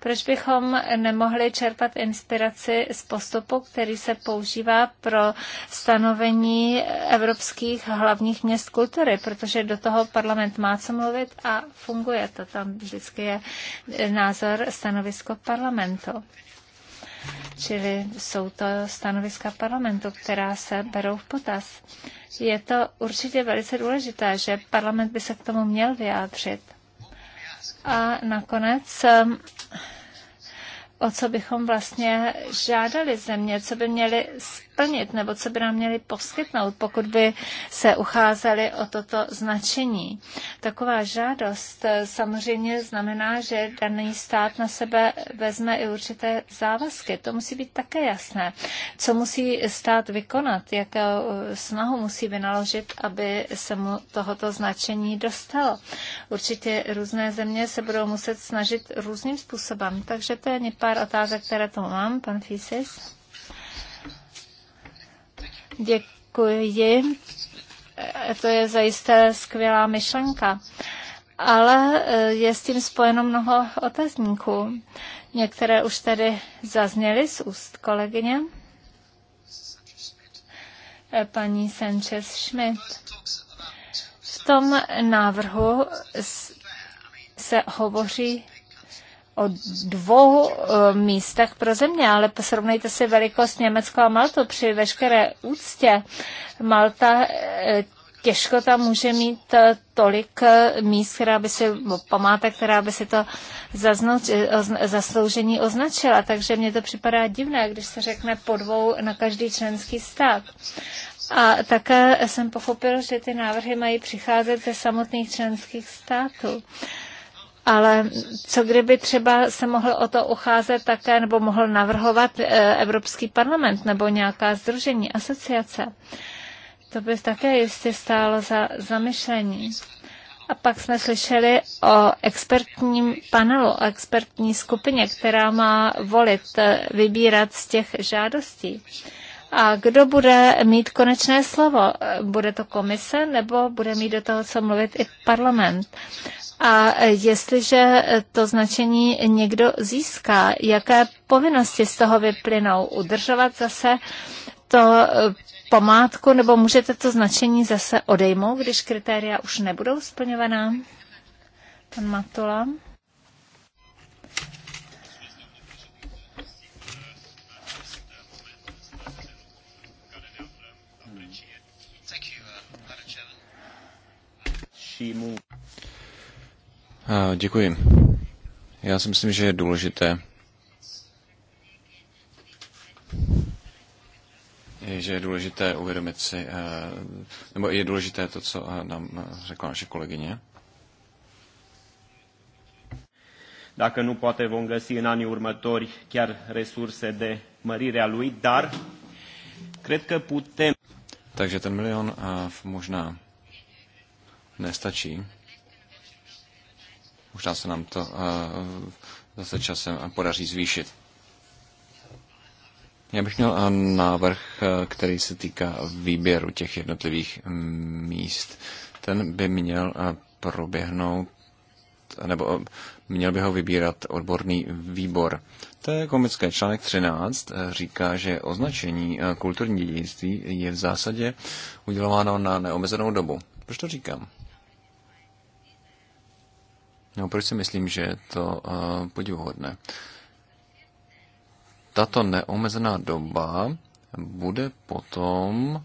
Proč bychom nemohli čerpat inspiraci z postupu, který se používá pro stanovení evropských hlavních měst kultury? Protože do toho parlament má co mluvit a funguje to. Tam vždycky je názor stanovisko parlamentu. Čili jsou to stanoviska parlamentu, která se berou v potaz. Je to určitě velice důležité, že parlament by se k tomu měl vyjádřit. A nakonec o co bychom vlastně žádali země, co by měli splnit nebo co by nám měli poskytnout, pokud by se ucházeli o toto značení. Taková žádost samozřejmě znamená, že daný stát na sebe vezme i určité závazky. To musí být také jasné. Co musí stát vykonat, jakou snahu musí vynaložit, aby se mu tohoto značení dostalo. Určitě různé země se budou muset snažit různým způsobem, takže to je nepa pár otázek, které tu mám, pan Fises. Děkuji. To je zajisté skvělá myšlenka. Ale e, je s tím spojeno mnoho otazníků. Některé už tady zazněly z úst kolegyně. E, paní Sanchez Schmidt. V tom návrhu se hovoří o dvou eh, místech pro země, ale srovnejte si velikost Německo a Malta Při veškeré úctě Malta eh, těžko tam může mít eh, tolik míst, která by si, památek, která by si to zaznoč, zasloužení označila. Takže mně to připadá divné, když se řekne po dvou na každý členský stát. A také jsem pochopil, že ty návrhy mají přicházet ze samotných členských států ale co kdyby třeba se mohl o to ucházet také nebo mohl navrhovat e, Evropský parlament nebo nějaká združení, asociace. To by také jistě stálo za zamyšlení. A pak jsme slyšeli o expertním panelu, o expertní skupině, která má volit, e, vybírat z těch žádostí. A kdo bude mít konečné slovo? E, bude to komise nebo bude mít do toho co mluvit i parlament? A jestliže to značení někdo získá, jaké povinnosti z toho vyplynou? Udržovat zase to eh, pomátku, nebo můžete to značení zase odejmout, když kritéria už nebudou splňovaná? Pan Matula. příjmů. Děkuji. Já si myslím, že je důležité, že je důležité uvědomit si, nebo je důležité to, co nám řekla naše kolegyně. Dacă nu poate vom găsi în anii următori chiar resurse de mărire a lui, dar cred că putem. Takže ten milion možná nestačí. Možná se nám to eh, zase časem podaří zvýšit. Já bych měl eh, návrh, eh, který se týká výběru těch jednotlivých mm, míst. Ten by měl proběhnout, nebo měl by ho vybírat odborný výbor. To je komické. Článek 13 říká, že označení kulturní dědictví je v zásadě udělováno na neomezenou dobu. Proč to říkám? No, proč si myslím, že je to uh, podivuhodné? Tato neomezená doba bude potom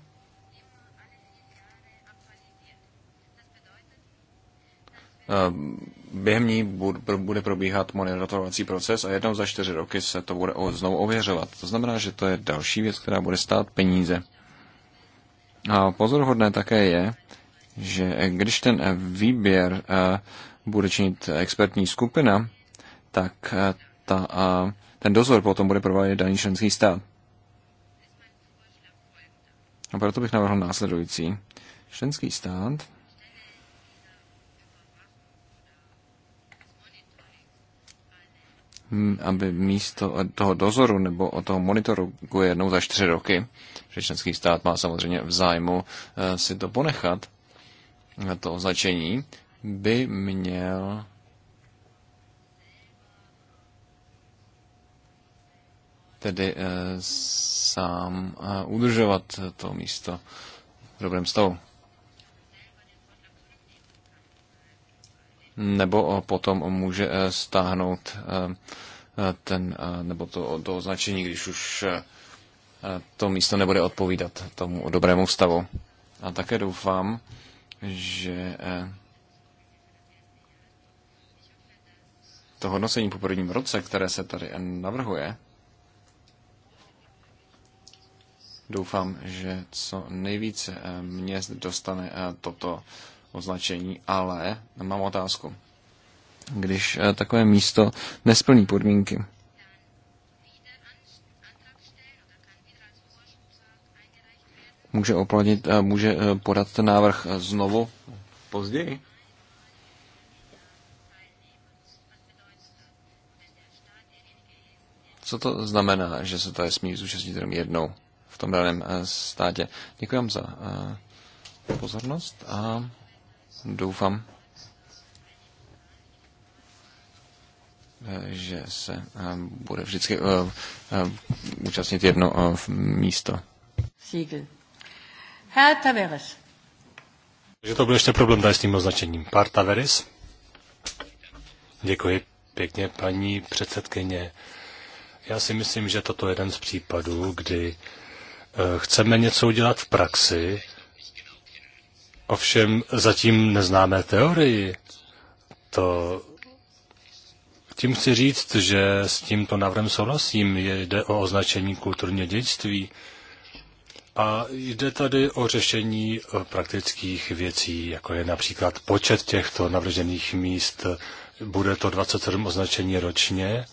eh, během ní bude probíhat monitorovací proces a jednou za čtyři roky se to bude znovu ověřovat. To znamená, že to je další věc, která bude stát peníze. A pozorhodné také je, že když ten výběr eh, bude činit expertní skupina, tak eh, ta, ten dozor potom bude provádět daný členský stát. A proto bych navrhl následující. Členský stát aby místo toho dozoru nebo od toho monitoru jednou za čtyři roky, protože členský stát má samozřejmě v zájmu eh, si to ponechat, to označení, by měl tedy e, sám e, udržovat to místo v dobrém stavu. Nebo eh, potom může stáhnout ten, nebo to, to označení, když už to místo nebude odpovídat tomu dobrému stavu. A také doufám, že to hodnocení po prvním roce, které se tady navrhuje, doufám, že co nejvíce eh, měst dostane eh, toto označení, ale mám otázku. Když eh, takové místo nesplní podmínky, může, opladit, může podat ten návrh znovu později? Co to znamená, že se tady smí zúčastnit jenom jednou v tom daném eh, státě? Děkuji vám za eh, pozornost a doufám, eh, že se bude vždycky účastnit jedno v místo. Siegel. Herr Taveres. Takže to byl ještě problém tady s tím označením. Pár Taveres. Děkuji pěkně, paní předsedkyně. Já si myslím, že toto je jeden z případů, kdy eh, chceme něco udělat v praxi, ovšem zatím neznáme teorii. To tím chci říct, že s tímto návrhem souhlasím. Jde o označení kulturně dědictví a jde tady o řešení eh, praktických věcí, jako je například počet těchto navržených míst. Bude to 27 označení ročně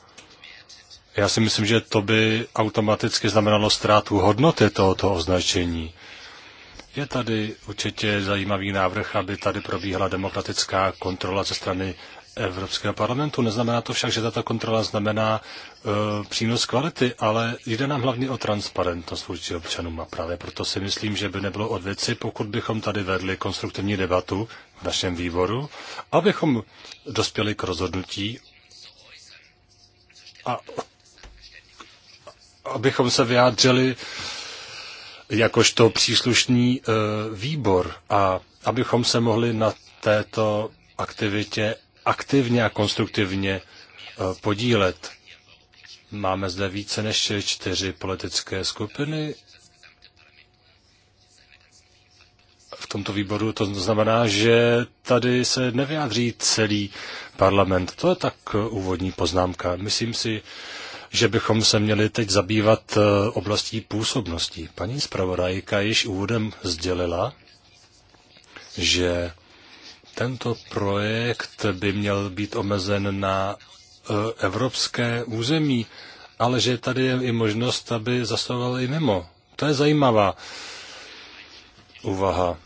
já si myslím, že to by automaticky znamenalo ztrátu hodnoty tohoto označení. Je tady určitě zajímavý návrh, aby tady probíhala demokratická kontrola ze strany Evropského parlamentu. Neznamená to však, že tato kontrola znamená e, přínos kvality, ale jde nám hlavně o transparentnost vůči občanům a právě proto si myslím, že by nebylo od věci, pokud bychom tady vedli konstruktivní debatu v našem výboru, abychom dospěli k rozhodnutí a abychom se vyjádřili jakožto příslušný e, výbor a abychom se mohli na této aktivitě aktivně a konstruktivně e, podílet. Máme zde více než čtyři politické skupiny. V tomto výboru to znamená, že tady se nevyjádří celý parlament. To je tak e, úvodní poznámka. Myslím si, že bychom se měli teď zabývat eh, oblastí působností. Paní zpravodajka již úvodem sdělila, že tento projekt by měl být omezen na eh, evropské území, ale že tady je i možnost, aby zasahoval i mimo. To je zajímavá úvaha.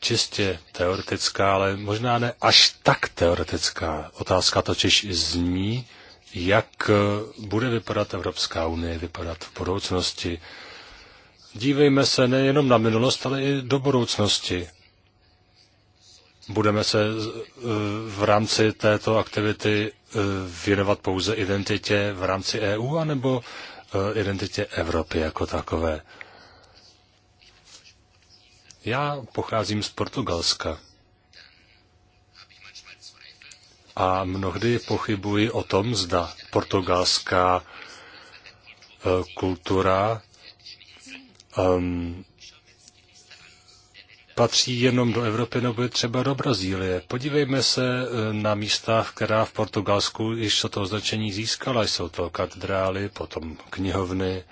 Čistě teoretická, ale možná ne až tak teoretická. Otázka totiž zní, jak eh, bude vypadat Evropská unie, vypadat v budoucnosti. Dívejme se nejenom na minulost, ale i do budoucnosti. Budeme se eh, v rámci této aktivity eh, věnovat pouze identitě v rámci EU anebo identitě Evropy jako takové. Já pocházím z Portugalska a mnohdy pochybuji o tom, zda portugalská eh, kultura um, patří jenom do Evropy nebo je třeba do Brazílie. Podívejme se eh, na místa, která v Portugalsku již toto označení získala. Jsou to katedrály, potom knihovny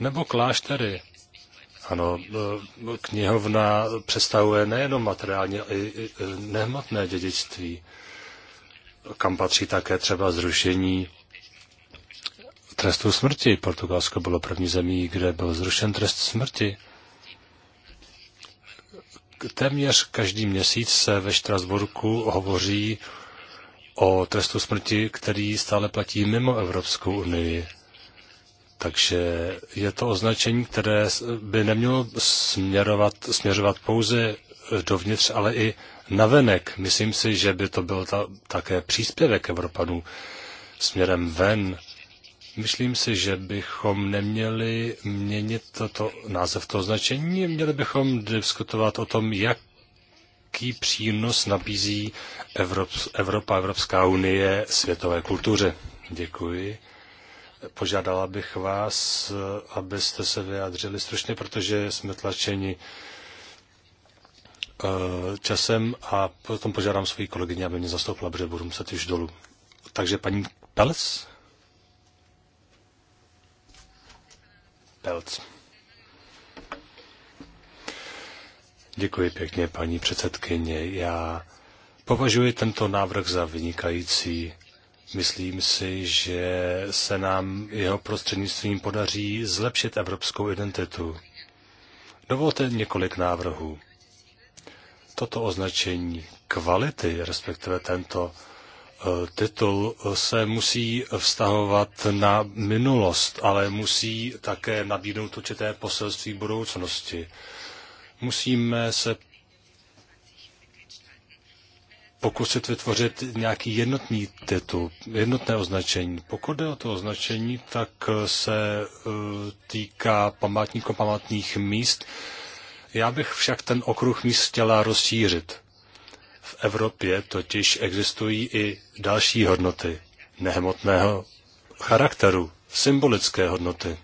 nebo kláštery. Ano, eh, knihovna představuje nejenom materiálně, ale i nehmotné dědictví kam patří také třeba zrušení trestu smrti. Portugalsko bylo první zemí, kde byl zrušen trest smrti. Téměř každý měsíc se ve Štrasburku hovoří o trestu smrti, který stále platí mimo Evropskou unii. Takže je to označení, které by nemělo směrovat, směřovat pouze dovnitř, ale i navenek. Myslím si, že by to byl ta, také příspěvek Evropanů směrem ven. Myslím si, že bychom neměli měnit toto, název toho značení, měli bychom diskutovat o tom, jaký přínos nabízí Evrop, Evropa, Evropská unie světové kultuře. Děkuji. Požádala bych vás, abyste se vyjádřili stručně, protože jsme tlačeni Eh, časem a potom požádám svoji kolegyně, aby mě zastoupila, protože budu muset již dolů. Takže paní Pelc? Pelc. Děkuji pěkně, paní předsedkyně. Já považuji tento návrh za vynikající. Myslím si, že se nám jeho prostřednictvím podaří zlepšit evropskou identitu. Dovolte několik návrhů toto označení kvality, respektive tento eh, titul, se musí vztahovat na minulost, ale musí také nabídnout určité poselství budoucnosti. Musíme se pokusit vytvořit nějaký jednotný titul, jednotné označení. Pokud jde o to označení, tak se eh, týká památníků památných míst, já bych však ten okruh míst chtěla rozšířit. V Evropě totiž existují i další hodnoty nehmotného charakteru, symbolické hodnoty.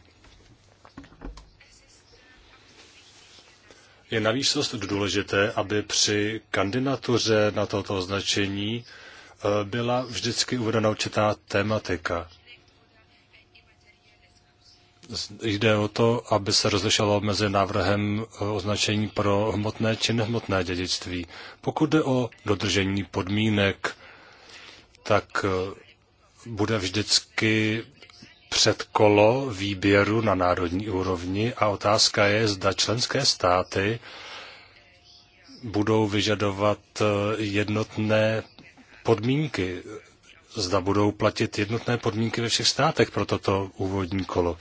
Je navýsost důležité, aby při kandidatuře na toto označení eh, byla vždycky uvedena určitá tematika jde o to, aby se rozlišovalo mezi návrhem eh, označení pro hmotné či nehmotné dědictví. Pokud jde o dodržení podmínek, tak eh, bude vždycky předkolo výběru na národní úrovni a otázka je, zda členské státy budou vyžadovat eh, jednotné podmínky, zda budou platit jednotné podmínky ve všech státech pro toto úvodní kolo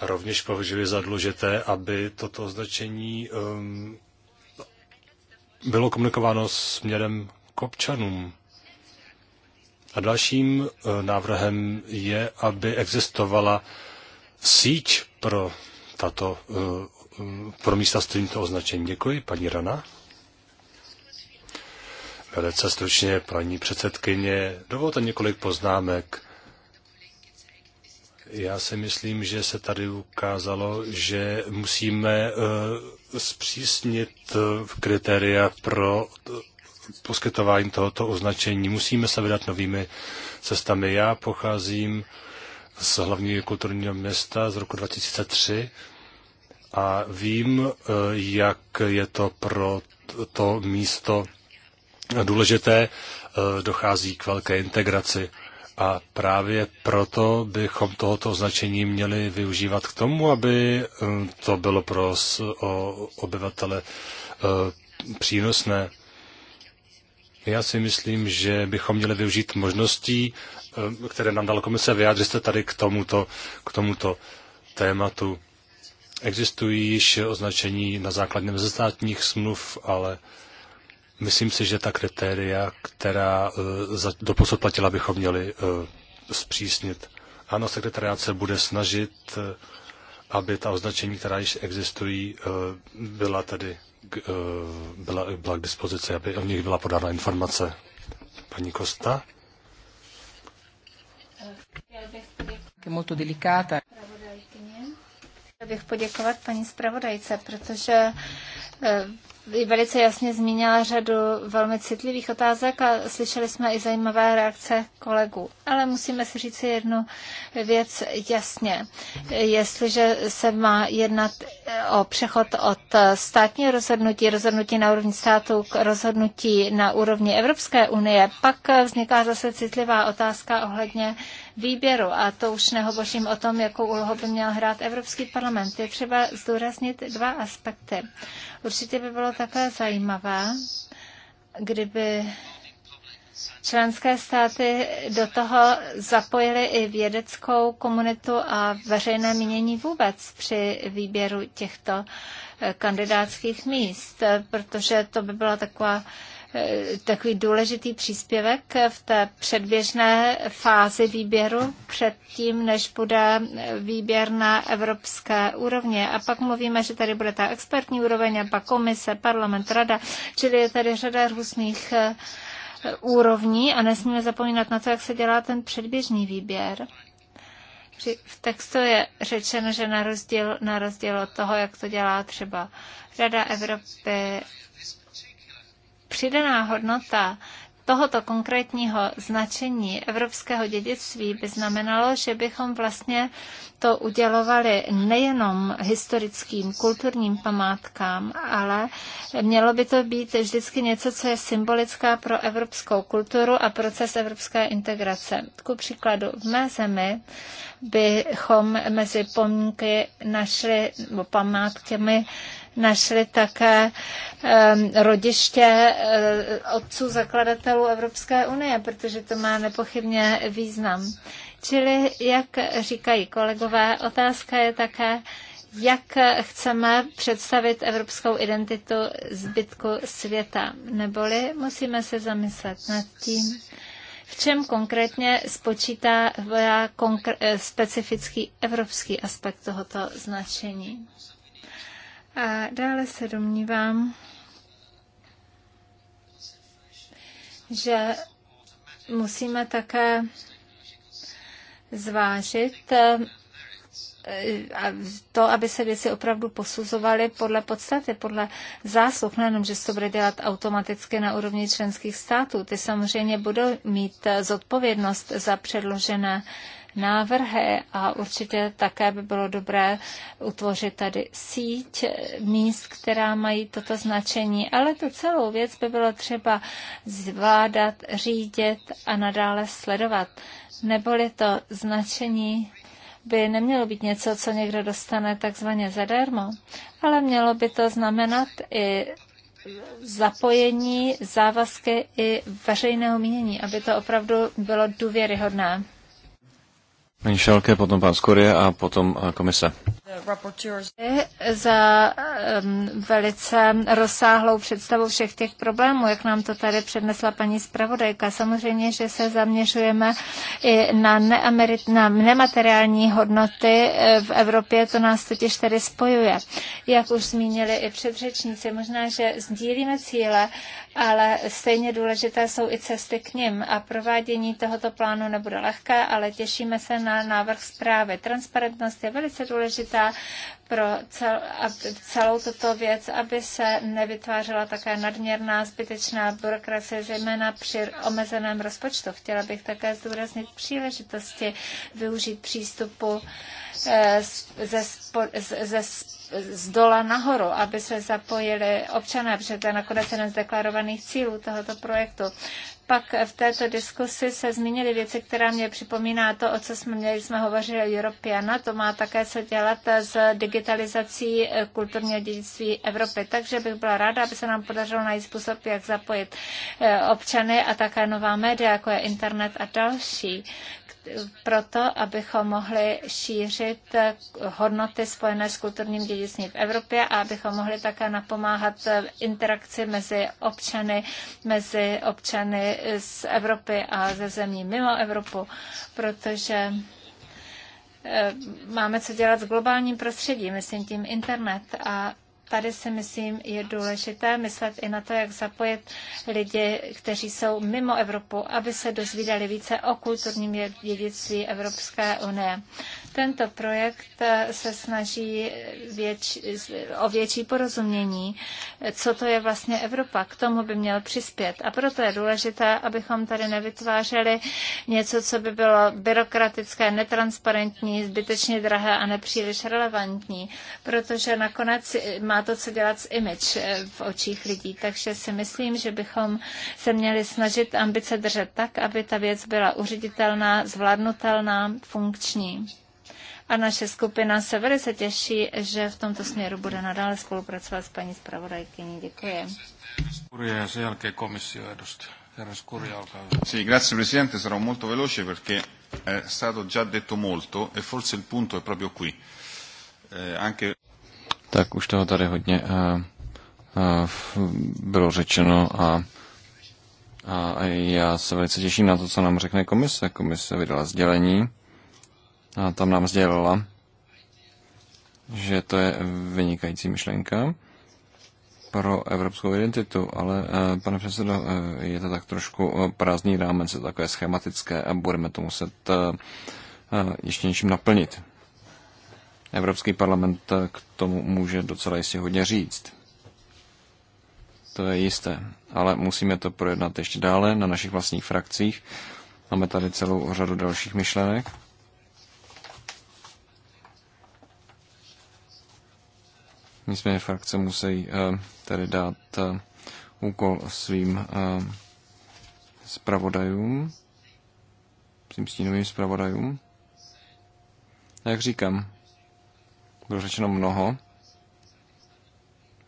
rovněž považuji za důležité, aby toto označení um, bylo komunikováno směrem k občanům. A dalším uh, návrhem je, aby existovala síť pro tato uh, pro místa s tímto označením. Děkuji, paní Rana. Velice stručně, paní předsedkyně, dovolte několik poznámek. Já si myslím, že se tady ukázalo, že musíme eh, zpřísnit eh, kritéria pro eh, poskytování tohoto označení. Musíme se vydat novými cestami. Já pocházím z hlavního kulturního města z roku 2003 a vím, jak je to pro to místo důležité. Dochází k velké integraci. A právě proto bychom tohoto označení měli využívat k tomu, aby eh, to bylo pro obyvatele eh, přínosné. Já si myslím, že bychom měli využít možností, eh, které nám dal komise. vyjádřit jste tady k tomuto, k tomuto tématu. Existují již označení na základě mezistátních smluv, ale Myslím si, že ta kritéria, která eh, doposud platila, bychom měli eh, zpřísnit. Ano, sekretariát se bude snažit, eh, aby ta označení, která již existují, byla tedy byla, byla k dispozici, aby o nich byla podána informace. Paní Kosta? Chtěl bych poděkovat paní zpravodajce, protože velice jasně zmínila řadu velmi citlivých otázek a slyšeli jsme i zajímavé reakce kolegů. Ale musíme si říct jednu věc jasně. Jestliže se má jednat o přechod od státního rozhodnutí, rozhodnutí na úrovni státu k rozhodnutí na úrovni Evropské unie, pak vzniká zase citlivá otázka ohledně výběru. A to už nehovořím o tom, jakou úlohu by měl hrát Evropský parlament. Je třeba zdůraznit dva aspekty. Určitě by bylo také zajímavé, kdyby členské státy do toho zapojily i vědeckou komunitu a veřejné mínění vůbec při výběru těchto kandidátských míst, protože to by byla taková Eh, takový důležitý příspěvek v té předběžné fázi výběru předtím, než bude výběr na evropské úrovně. A pak mluvíme, že tady bude ta expertní úroveň a pak komise, parlament, rada, čili je tady řada různých eh, úrovní a nesmíme zapomínat na to, jak se dělá ten předběžný výběr. V textu je řečeno, že na rozdíl, na rozdíl od toho, jak to dělá třeba Rada Evropy přidaná hodnota tohoto konkrétního značení evropského dědictví by znamenalo, že bychom vlastně to udělovali nejenom historickým, kulturním památkám, ale mělo by to být vždycky něco, co je symbolická pro evropskou kulturu a proces evropské integrace. Ku příkladu, v mé zemi bychom mezi pomínky našli, nebo památkami, našli také ehm, rodiště eh, otců zakladatelů Evropské unie, protože to má nepochybně význam. Čili, jak říkají kolegové, otázka je také, jak chceme představit evropskou identitu zbytku světa. Neboli musíme se zamyslet nad tím, v čem konkrétně spočítá konkr- eh, specifický evropský aspekt tohoto značení. A dále se domnívám, že musíme také zvážit eh, to, aby se věci opravdu posuzovaly podle podstaty, podle zásluh, nejenom, že se to bude dělat automaticky na úrovni členských států. Ty samozřejmě budou mít eh, zodpovědnost za předložené návrhy a určitě také by bylo dobré utvořit tady síť míst, která mají toto značení, ale tu celou věc by bylo třeba zvládat, řídit a nadále sledovat. Neboli to značení by nemělo být něco, co někdo dostane takzvaně zadarmo, ale mělo by to znamenat i zapojení, závazky i veřejného mínění, aby to opravdu bylo důvěryhodné. Paní Šelke, potom pán Skurie a potom eh, komise. Za um, velice rozsáhlou představu všech těch problémů, jak nám to tady přednesla paní zpravodajka. Samozřejmě, že se zaměřujeme i na, neamerit, na nemateriální hodnoty eh, v Evropě, to nás totiž tady spojuje. Jak už zmínili i předřečníci, možná, že sdílíme cíle, ale stejně důležité jsou i cesty k nim a provádění tohoto plánu nebude lehké, ale těšíme se na návrh zprávy. Transparentnost je velice důležitá pro cel, celou tuto věc, aby se nevytvářela také nadměrná zbytečná byrokracie, zejména při omezeném rozpočtu. Chtěla bych také zdůraznit příležitosti využít přístupu eh, ze, spo, ze, z dola nahoru, aby se zapojili občané, protože to je nakonec jeden z deklarovaných cílů tohoto projektu pak v této diskusi se zmínily věci, která mě připomíná to, o co jsme měli, jsme hovořili o Europeana. To má také co dělat s digitalizací eh, kulturního dědictví Evropy. Takže bych byla ráda, aby se nám podařilo najít způsob, jak zapojit eh, občany a také nová média, jako je internet a další proto, abychom mohli šířit hodnoty spojené s kulturním dědictvím v Evropě a abychom mohli také napomáhat interakci mezi občany, mezi občany z Evropy a ze zemí mimo Evropu, protože eh, máme co dělat s globálním prostředím, myslím tím internet a tady si myslím, je důležité myslet i na to, jak zapojit lidi, kteří jsou mimo Evropu, aby se dozvídali více o kulturním dědictví Evropské unie. Tento projekt eh, se snaží věč, o větší porozumění, co to je vlastně Evropa. K tomu by měl přispět. A proto je důležité, abychom tady nevytvářeli něco, co by bylo byrokratické, netransparentní, zbytečně drahé a nepříliš relevantní, protože nakonec má to co dělat s image eh, v očích lidí. Takže si myslím, že bychom se měli snažit ambice držet tak, aby ta věc byla uředitelná, zvládnutelná, funkční a naše skupina se velice těší, že v tomto směru bude nadále spolupracovat s paní zpravodajkyní. Děkuji. Sì, grazie Presidente, sarò molto veloce perché è stato già detto molto e forse il punto è proprio qui. Eh, anche... Tak už toho tady hodně uh, uh, bylo řečeno a a já se velice těším na to, co nám řekne komise. Komise vydala sdělení a tam nám sdělila, že to je vynikající myšlenka pro evropskou identitu, ale eh, pane předsedo, eh, je to tak trošku eh, prázdný rámec, je to takové schematické a budeme to muset ještě něčím naplnit. Evropský parlament k tomu může docela jistě hodně říct. To je jisté, ale musíme to projednat ještě dále na našich vlastních frakcích. Máme tady celou řadu dalších myšlenek Nicméně frakce musí eh, tedy dát eh, úkol svým eh, zpravodajům, svým stínovým zpravodajům. jak říkám, bylo řečeno mnoho,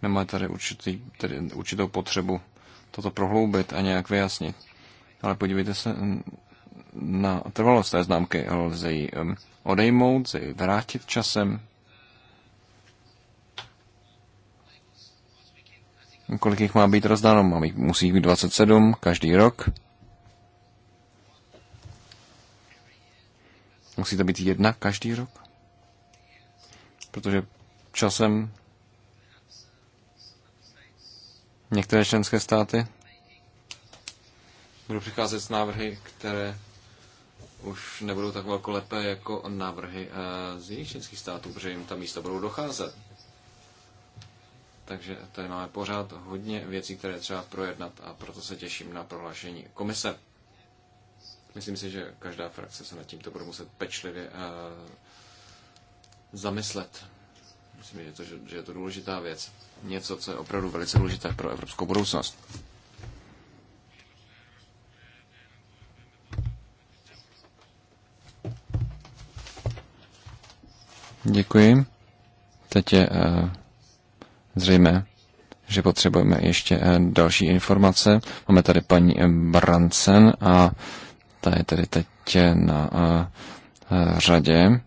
nemá tady, určitý, tady určitou potřebu toto prohloubit a nějak vyjasnit. Ale podívejte se mm, na trvalost té známky. Lze ji mm, odejmout, lze ji vrátit časem, Kolik jich má být rozdáno? Má být, musí jich být 27 každý rok. Musí to být jedna každý rok? Protože časem některé členské státy budou přicházet s návrhy, které už nebudou tak velkolepé jako návrhy eh, z jiných členských států, protože jim ta místa budou docházet takže tady máme pořád hodně věcí, které třeba projednat a proto se těším na prohlášení komise. Myslím si, že každá frakce se nad tímto bude muset pečlivě uh, zamyslet. Myslím, že, to, že je to důležitá věc. Něco, co je opravdu velice důležité pro evropskou budoucnost. Děkuji. Teď je uh zřejmé, že potřebujeme ještě eh, další informace. Máme tady paní eh, Brancen a ta je tedy teď eh, na řadě.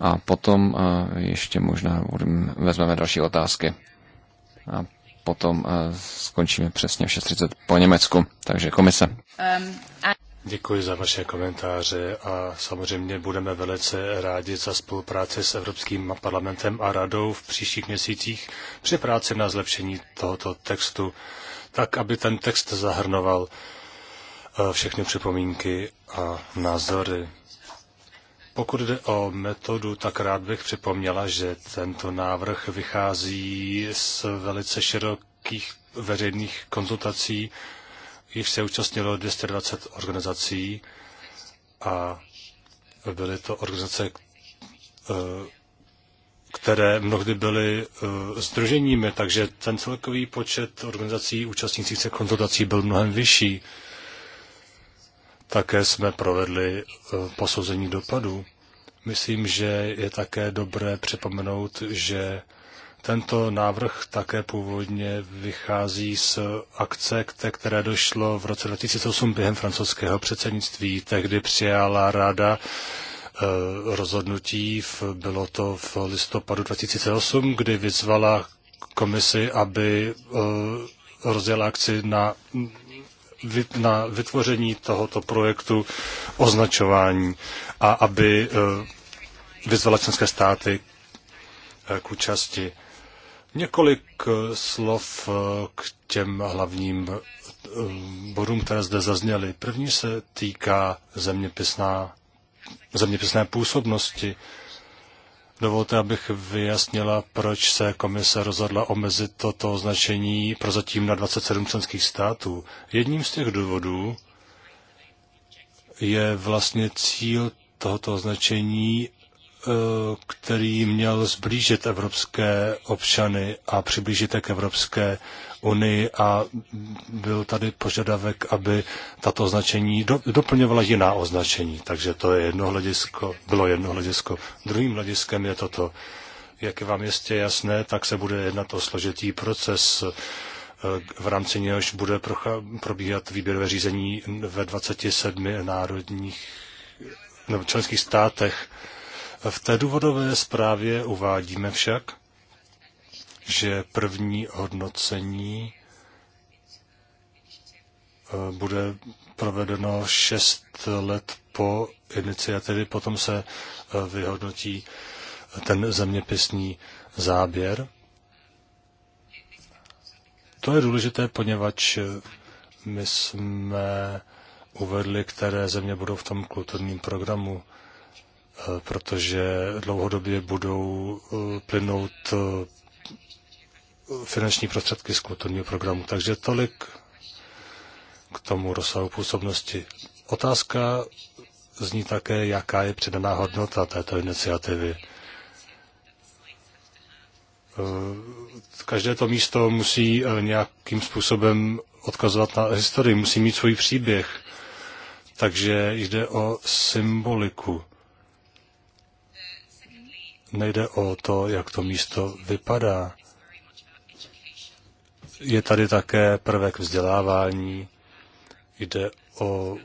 A potom ještě možná vezmeme další otázky. A potom skončíme přesně v 6.30 po Německu. Takže komise. Um, a... Děkuji za vaše komentáře a samozřejmě budeme velice rádi za spolupráci s Evropským parlamentem a radou v příštích měsících při práci na zlepšení tohoto textu, tak aby ten text zahrnoval eh, všechny připomínky a názory. Pokud jde o metodu, tak rád bych připomněla, že tento návrh vychází z velice širokých veřejných konzultací již se účastnilo 220 organizací a byly to organizace, eh, které mnohdy byly eh, združeními, takže ten celkový počet organizací účastnících se konzultací byl mnohem vyšší. Také jsme provedli eh, posouzení dopadů. Myslím, že je také dobré připomenout, že tento návrh také původně vychází z akce, které došlo v roce 2008 během francouzského předsednictví. Tehdy přijala ráda eh, rozhodnutí, bylo to v listopadu 2008, kdy vyzvala komisi, aby eh, rozjela akci na, na vytvoření tohoto projektu označování a aby eh, vyzvala členské státy k účasti. Několik eh, slov eh, k těm hlavním eh, bodům, které zde zazněly. První se týká zeměpisná, zeměpisné působnosti. Dovolte, abych vyjasnila, proč se komise rozhodla omezit toto označení prozatím na 27 členských států. Jedním z těch důvodů je vlastně cíl tohoto označení Eh, který měl zblížit evropské občany a přiblížit je k Evropské unii a byl tady požadavek, aby tato označení doplňovala jiná označení. Takže to je jedno hledisko, bylo jedno hledisko. Druhým hlediskem je toto. Jak je vám jistě jasné, tak se bude jednat o složitý proces, eh, v rámci něhož bude probíhat výběrové řízení ve 27 národních nebo členských státech v té důvodové zprávě uvádíme však, že první hodnocení eh, bude provedeno šest let po iniciativě, potom se eh, vyhodnotí ten zeměpisný záběr. To je důležité, poněvadž eh, my jsme uvedli, které země budou v tom kulturním programu. Eh, protože dlouhodobě budou eh, plynout eh, finanční prostředky z kulturního programu. Takže tolik k tomu rozsahu působnosti. Otázka zní také, jaká je přidaná hodnota této iniciativy. Každé to místo musí nějakým způsobem odkazovat na historii, musí mít svůj příběh. Takže jde o symboliku nejde o to, jak to místo vypadá. Je tady také prvek vzdělávání, jde o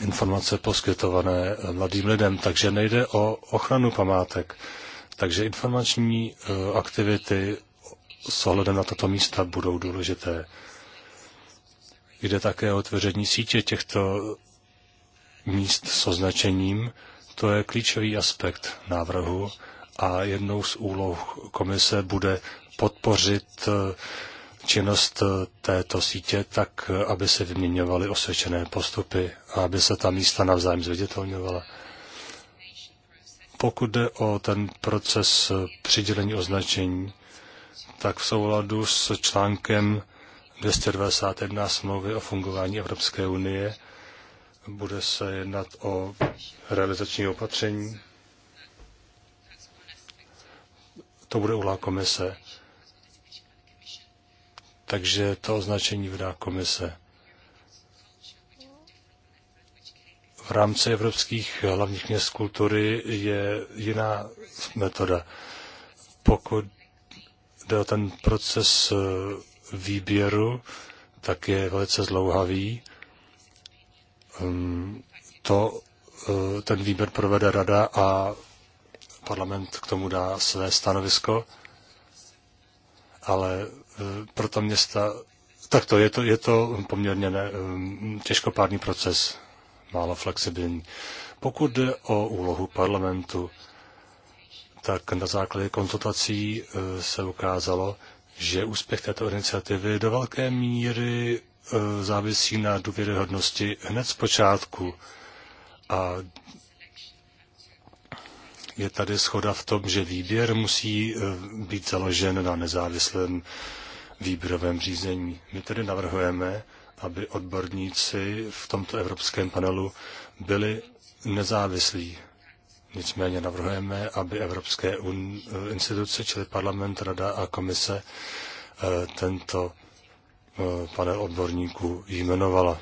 informace poskytované mladým lidem, takže nejde o ochranu památek. Takže informační eh, aktivity s ohledem na tato místa budou důležité. Jde také o otevření sítě těchto míst s označením, to je klíčový aspekt návrhu a jednou z úloh komise bude podpořit eh, činnost eh, této sítě tak, eh, aby se vyměňovaly osvědčené postupy a aby se ta místa navzájem zviditelňovala. Pokud jde o ten proces přidělení označení, tak v souladu s článkem 291 smlouvy o fungování Evropské unie bude se jednat o realizační opatření. To bude uhlá komise. Takže to označení vydá komise. V rámci evropských hlavních měst kultury je jiná metoda. Pokud jde o ten proces eh, výběru, tak je velice zlouhavý Ehm, to eh, ten výběr provede rada a parlament k tomu dá své stanovisko, ale eh, pro ta města, tak to je to, je to poměrně ne, ehm, těžkopádný proces, málo flexibilní. Pokud jde o úlohu parlamentu, tak na základě konzultací eh, se ukázalo, že úspěch této iniciativy do velké míry Eh, závisí na důvěryhodnosti hned z počátku. A je tady schoda v tom, že výběr musí eh, být založen na nezávislém výběrovém řízení. My tedy navrhujeme, aby odborníci v tomto evropském panelu byli nezávislí. Nicméně navrhujeme, aby evropské eh, instituce, čili parlament, rada a komise, tento Eh, panel odborníků jmenovala.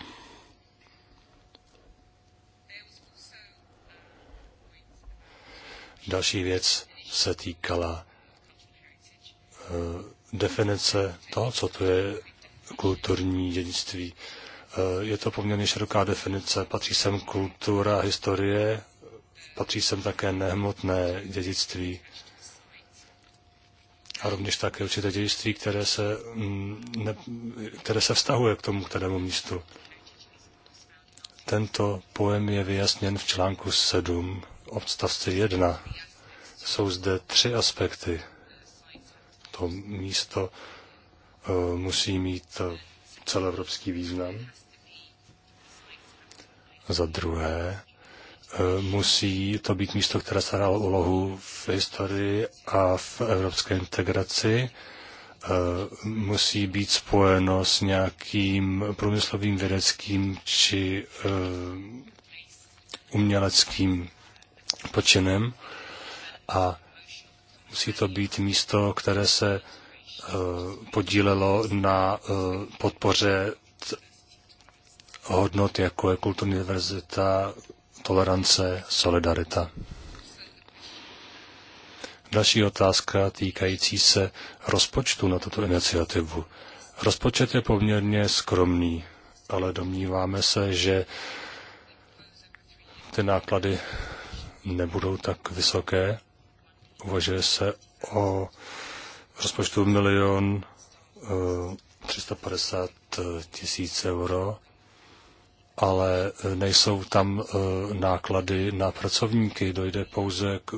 Další věc se týkala eh, definice toho, co to je kulturní dědictví. Eh, je to poměrně široká definice, patří sem kultura, historie, patří sem také nehmotné dědictví a rovněž také určité dějství, které se, mm, ne, které se vztahuje k tomu kterému místu. Tento pojem je vyjasněn v článku 7 odstavci 1. Jsou zde tři aspekty. To místo e, musí mít e, celoevropský význam. Za druhé, Eh, musí to být místo, které se hrálo úlohu v historii a v evropské integraci. Eh, musí být spojeno s nějakým průmyslovým, vědeckým či eh, uměleckým počinem a musí to být místo, které se podílelo na podpoře hodnot, jako je kulturní diverzita, tolerance, solidarita. Další otázka týkající se rozpočtu na tuto iniciativu. Rozpočet je poměrně skromný, ale domníváme se, že ty náklady nebudou tak vysoké. Uvažuje se o rozpočtu milion 350 eh, tisíc euro ale nejsou tam eh, náklady na pracovníky, dojde pouze k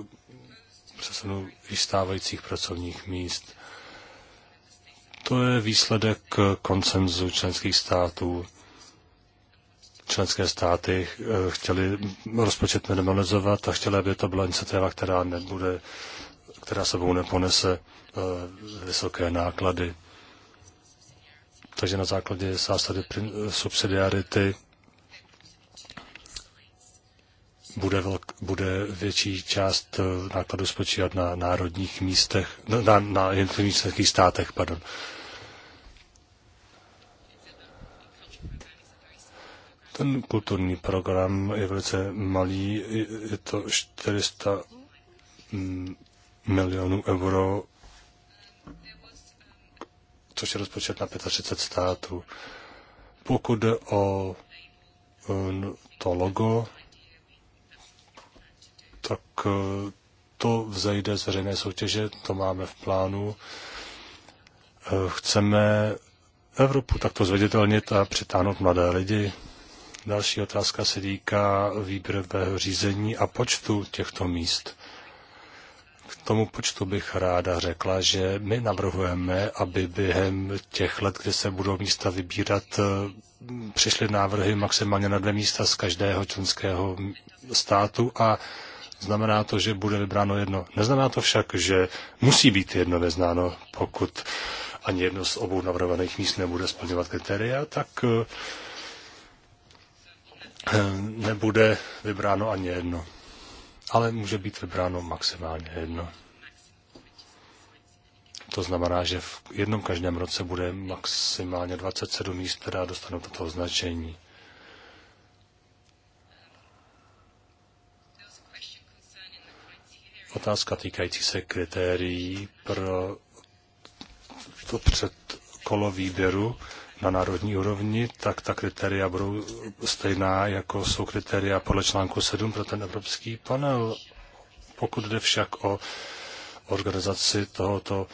přesunu stávajících pracovních míst. To je výsledek koncenzu členských států. Členské státy eh, chtěli rozpočet minimalizovat a chtěli, aby to byla iniciativa, která nebude, která sebou neponese eh, vysoké náklady. Takže na základě zásady subsidiarity bude, velk, bude větší část eh, nákladů spočívat na národních místech, no, na, na jednotlivých členských státech, pardon. Ten kulturní program je velice malý, je to 400 mm, milionů euro, což je rozpočet na 35 států. Pokud jde o eh, to logo, tak eh, to vzejde z veřejné soutěže, to máme v plánu. Eh, chceme Evropu takto zveditelnit a přitáhnout mladé lidi. Další otázka se týká výběrového řízení a počtu těchto míst. K tomu počtu bych ráda řekla, že my navrhujeme, aby během těch let, kdy se budou místa vybírat, eh, přišly návrhy maximálně na dvě místa z každého členského státu a Znamená to, že bude vybráno jedno. Neznamená to však, že musí být jedno vyznáno, pokud ani jedno z obou navrhovaných míst nebude splňovat kritéria, tak eh, nebude vybráno ani jedno. Ale může být vybráno maximálně jedno. To znamená, že v jednom každém roce bude maximálně 27 míst, která dostanou toto označení. Otázka týkající se kritérií pro to předkolo výběru na národní úrovni, tak ta kritéria budou stejná, jako jsou kritéria podle článku 7 pro ten evropský panel. Pokud jde však o organizaci tohoto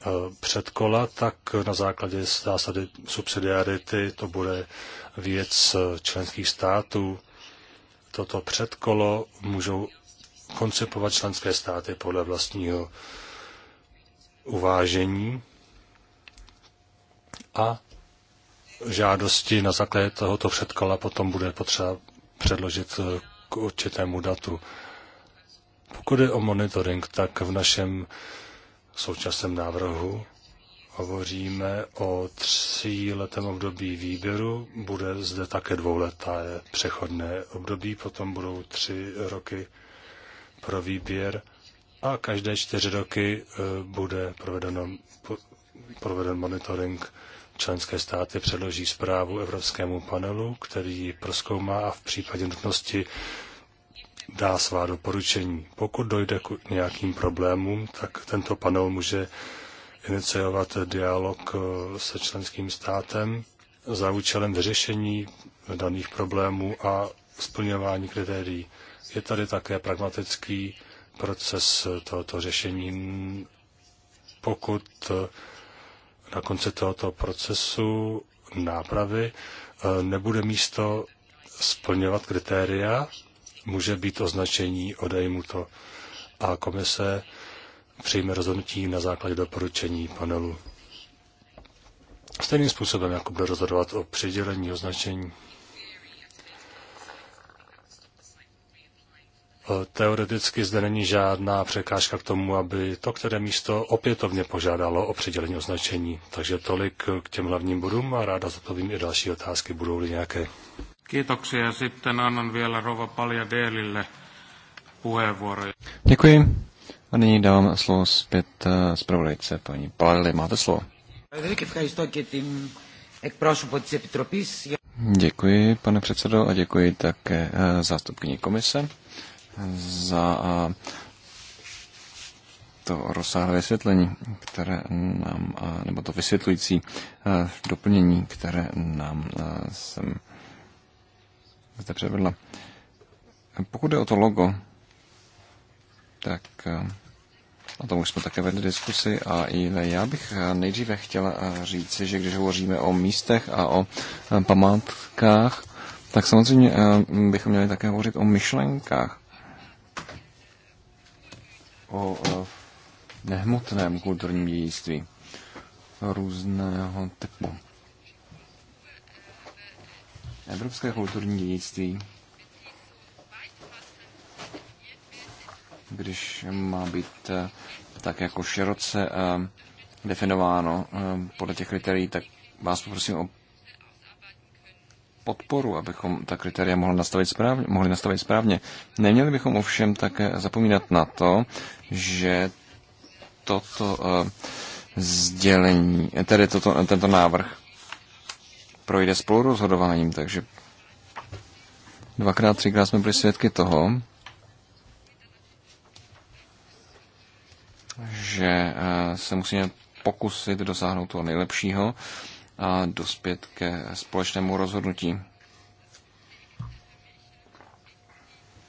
eh, předkola, tak na základě zásady subsidiarity to bude věc eh, členských států. Toto předkolo můžou koncipovat členské státy podle vlastního uvážení a žádosti na základě tohoto předkola potom bude potřeba předložit eh, k určitému datu. Pokud je o monitoring, tak v našem současném návrhu hovoříme o tříletém období výběru, bude zde také dvouleté přechodné období, potom budou tři roky pro výběr a každé čtyři roky e, bude provedeno, proveden monitoring. Členské státy předloží zprávu Evropskému panelu, který ji proskoumá a v případě nutnosti dá svá doporučení. Pokud dojde k nějakým problémům, tak tento panel může iniciovat dialog e, se členským státem za účelem vyřešení daných problémů a splňování kritérií je tady také pragmatický proces tohoto řešení. Pokud na konci tohoto procesu nápravy eh, nebude místo splňovat kritéria, může být označení odejmuto a komise přijme rozhodnutí na základě doporučení panelu. Stejným způsobem, jako bude rozhodovat o přidělení označení. Teoreticky zde není žádná překážka k tomu, aby to, které místo opětovně požádalo o přidělení označení. Takže tolik k těm hlavním bodům a ráda zodpovím i další otázky, budou-li nějaké. Kiitoksia. Sitten annan vielä Rova Palja Deelille puheenvuoroja. Děkuji. A nyní dávám slovo zpět eh, zpravodajce paní Palely. Máte slovo. Děkuji, pane předsedo, a děkuji také eh, zástupkyni komise za to rozsáhlé vysvětlení, které nám, nebo to vysvětlující doplnění, které nám jsem zde převedla. Pokud je o to logo, tak o tom už jsme také vedli diskusi a i já bych nejdříve chtěla říci, že když hovoříme o místech a o památkách, tak samozřejmě bychom měli také hovořit o myšlenkách o nehmotném kulturním dědictví různého typu. Evropské kulturní dědictví, když má být eh, tak jako široce eh, definováno eh, podle těch kritérií, tak vás poprosím o podporu, abychom ta kritéria mohli nastavit správně. Mohli nastavit správně. Neměli bychom ovšem také zapomínat na to, že toto eh, sdělení, tedy toto, tento návrh projde spolurozhodováním, takže dvakrát, třikrát jsme byli svědky toho, že eh, se musíme pokusit dosáhnout toho nejlepšího a dospět ke společnému rozhodnutí.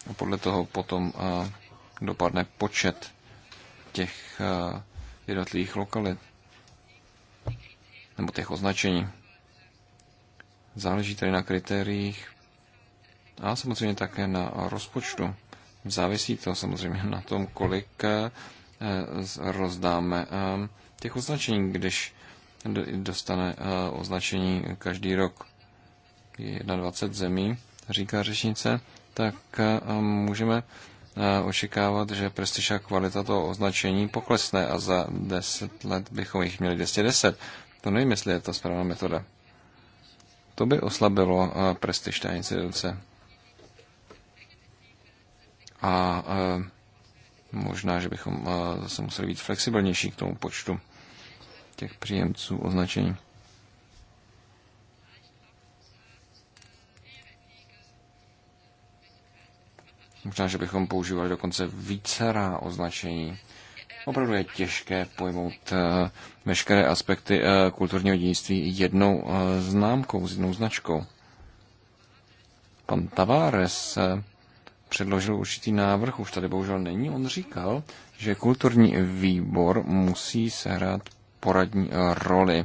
A podle toho potom dopadne počet těch jednotlivých lokalit nebo těch označení. Záleží tedy na kritériích a samozřejmě také na rozpočtu. Závisí to samozřejmě na tom, kolik rozdáme těch označení. Když dostane eh, označení každý rok. 21 zemí, říká řečnice, tak eh, můžeme eh, očekávat, že prestiž a kvalita toho označení poklesne a za 10 let bychom jich měli 210. To nevím, jestli je ta správná metoda. To by oslabilo prestiž té instituce. A možná, že bychom zase museli být flexibilnější k tomu počtu těch příjemců označení. Možná, že bychom používali dokonce vícerá označení. Opravdu je těžké pojmout eh, veškeré aspekty eh, kulturního dědictví jednou eh, známkou, s jednou značkou. Pan Tavares předložil určitý návrh, už tady bohužel není, on říkal, že kulturní výbor musí sehrát poradní eh, roli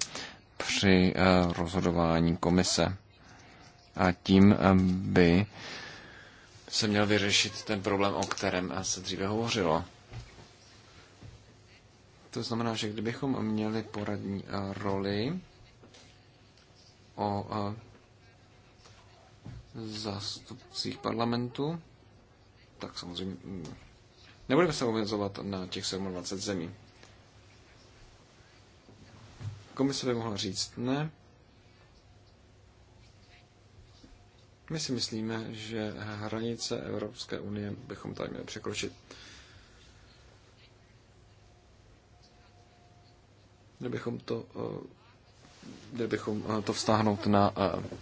při eh, rozhodování komise. A tím eh, by se měl vyřešit ten problém, o kterém se dříve hovořilo. To znamená, že kdybychom měli poradní roli o zastupcích parlamentu, tak samozřejmě mm, nebudeme se omezovat na těch 27 zemí. Komise by mohla říct ne. My si myslíme, že hranice Evropské unie bychom tady měli překročit. Kdybychom to, eh, kdybychom eh, to vztáhnout na eh,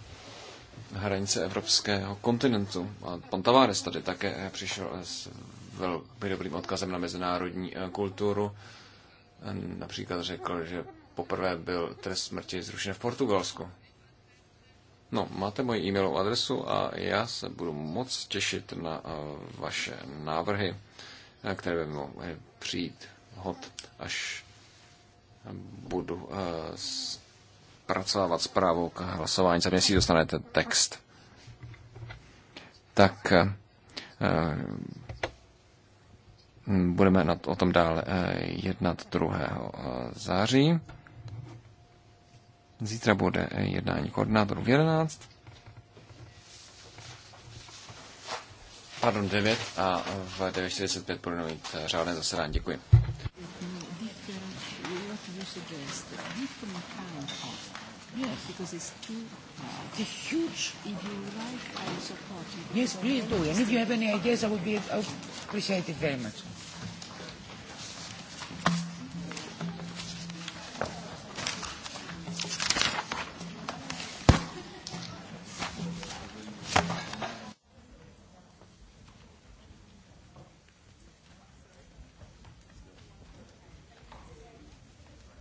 hranice evropského kontinentu. A pan Tavares tady také přišel s velmi dobrým odkazem na mezinárodní kulturu. Například řekl, že poprvé byl trest smrti zrušen v Portugalsku. No, máte moji e-mailovou adresu a já se budu moc těšit na eh, vaše návrhy, eh, které by mohly přijít hod, až budu eh, pracovat zprávou k hlasování. Za měsíc dostanete text. Tak budeme o tom dále jednat 2. září. Zítra bude jednání koordinátorů v 11. Pardon, 9 a v 9.45 budeme mít eh, řádné zasedání. Děkuji. Yes, because it's too it's huge. If you like, I support you. Yes, please do. And if you have any ideas, I would be appreciated very much.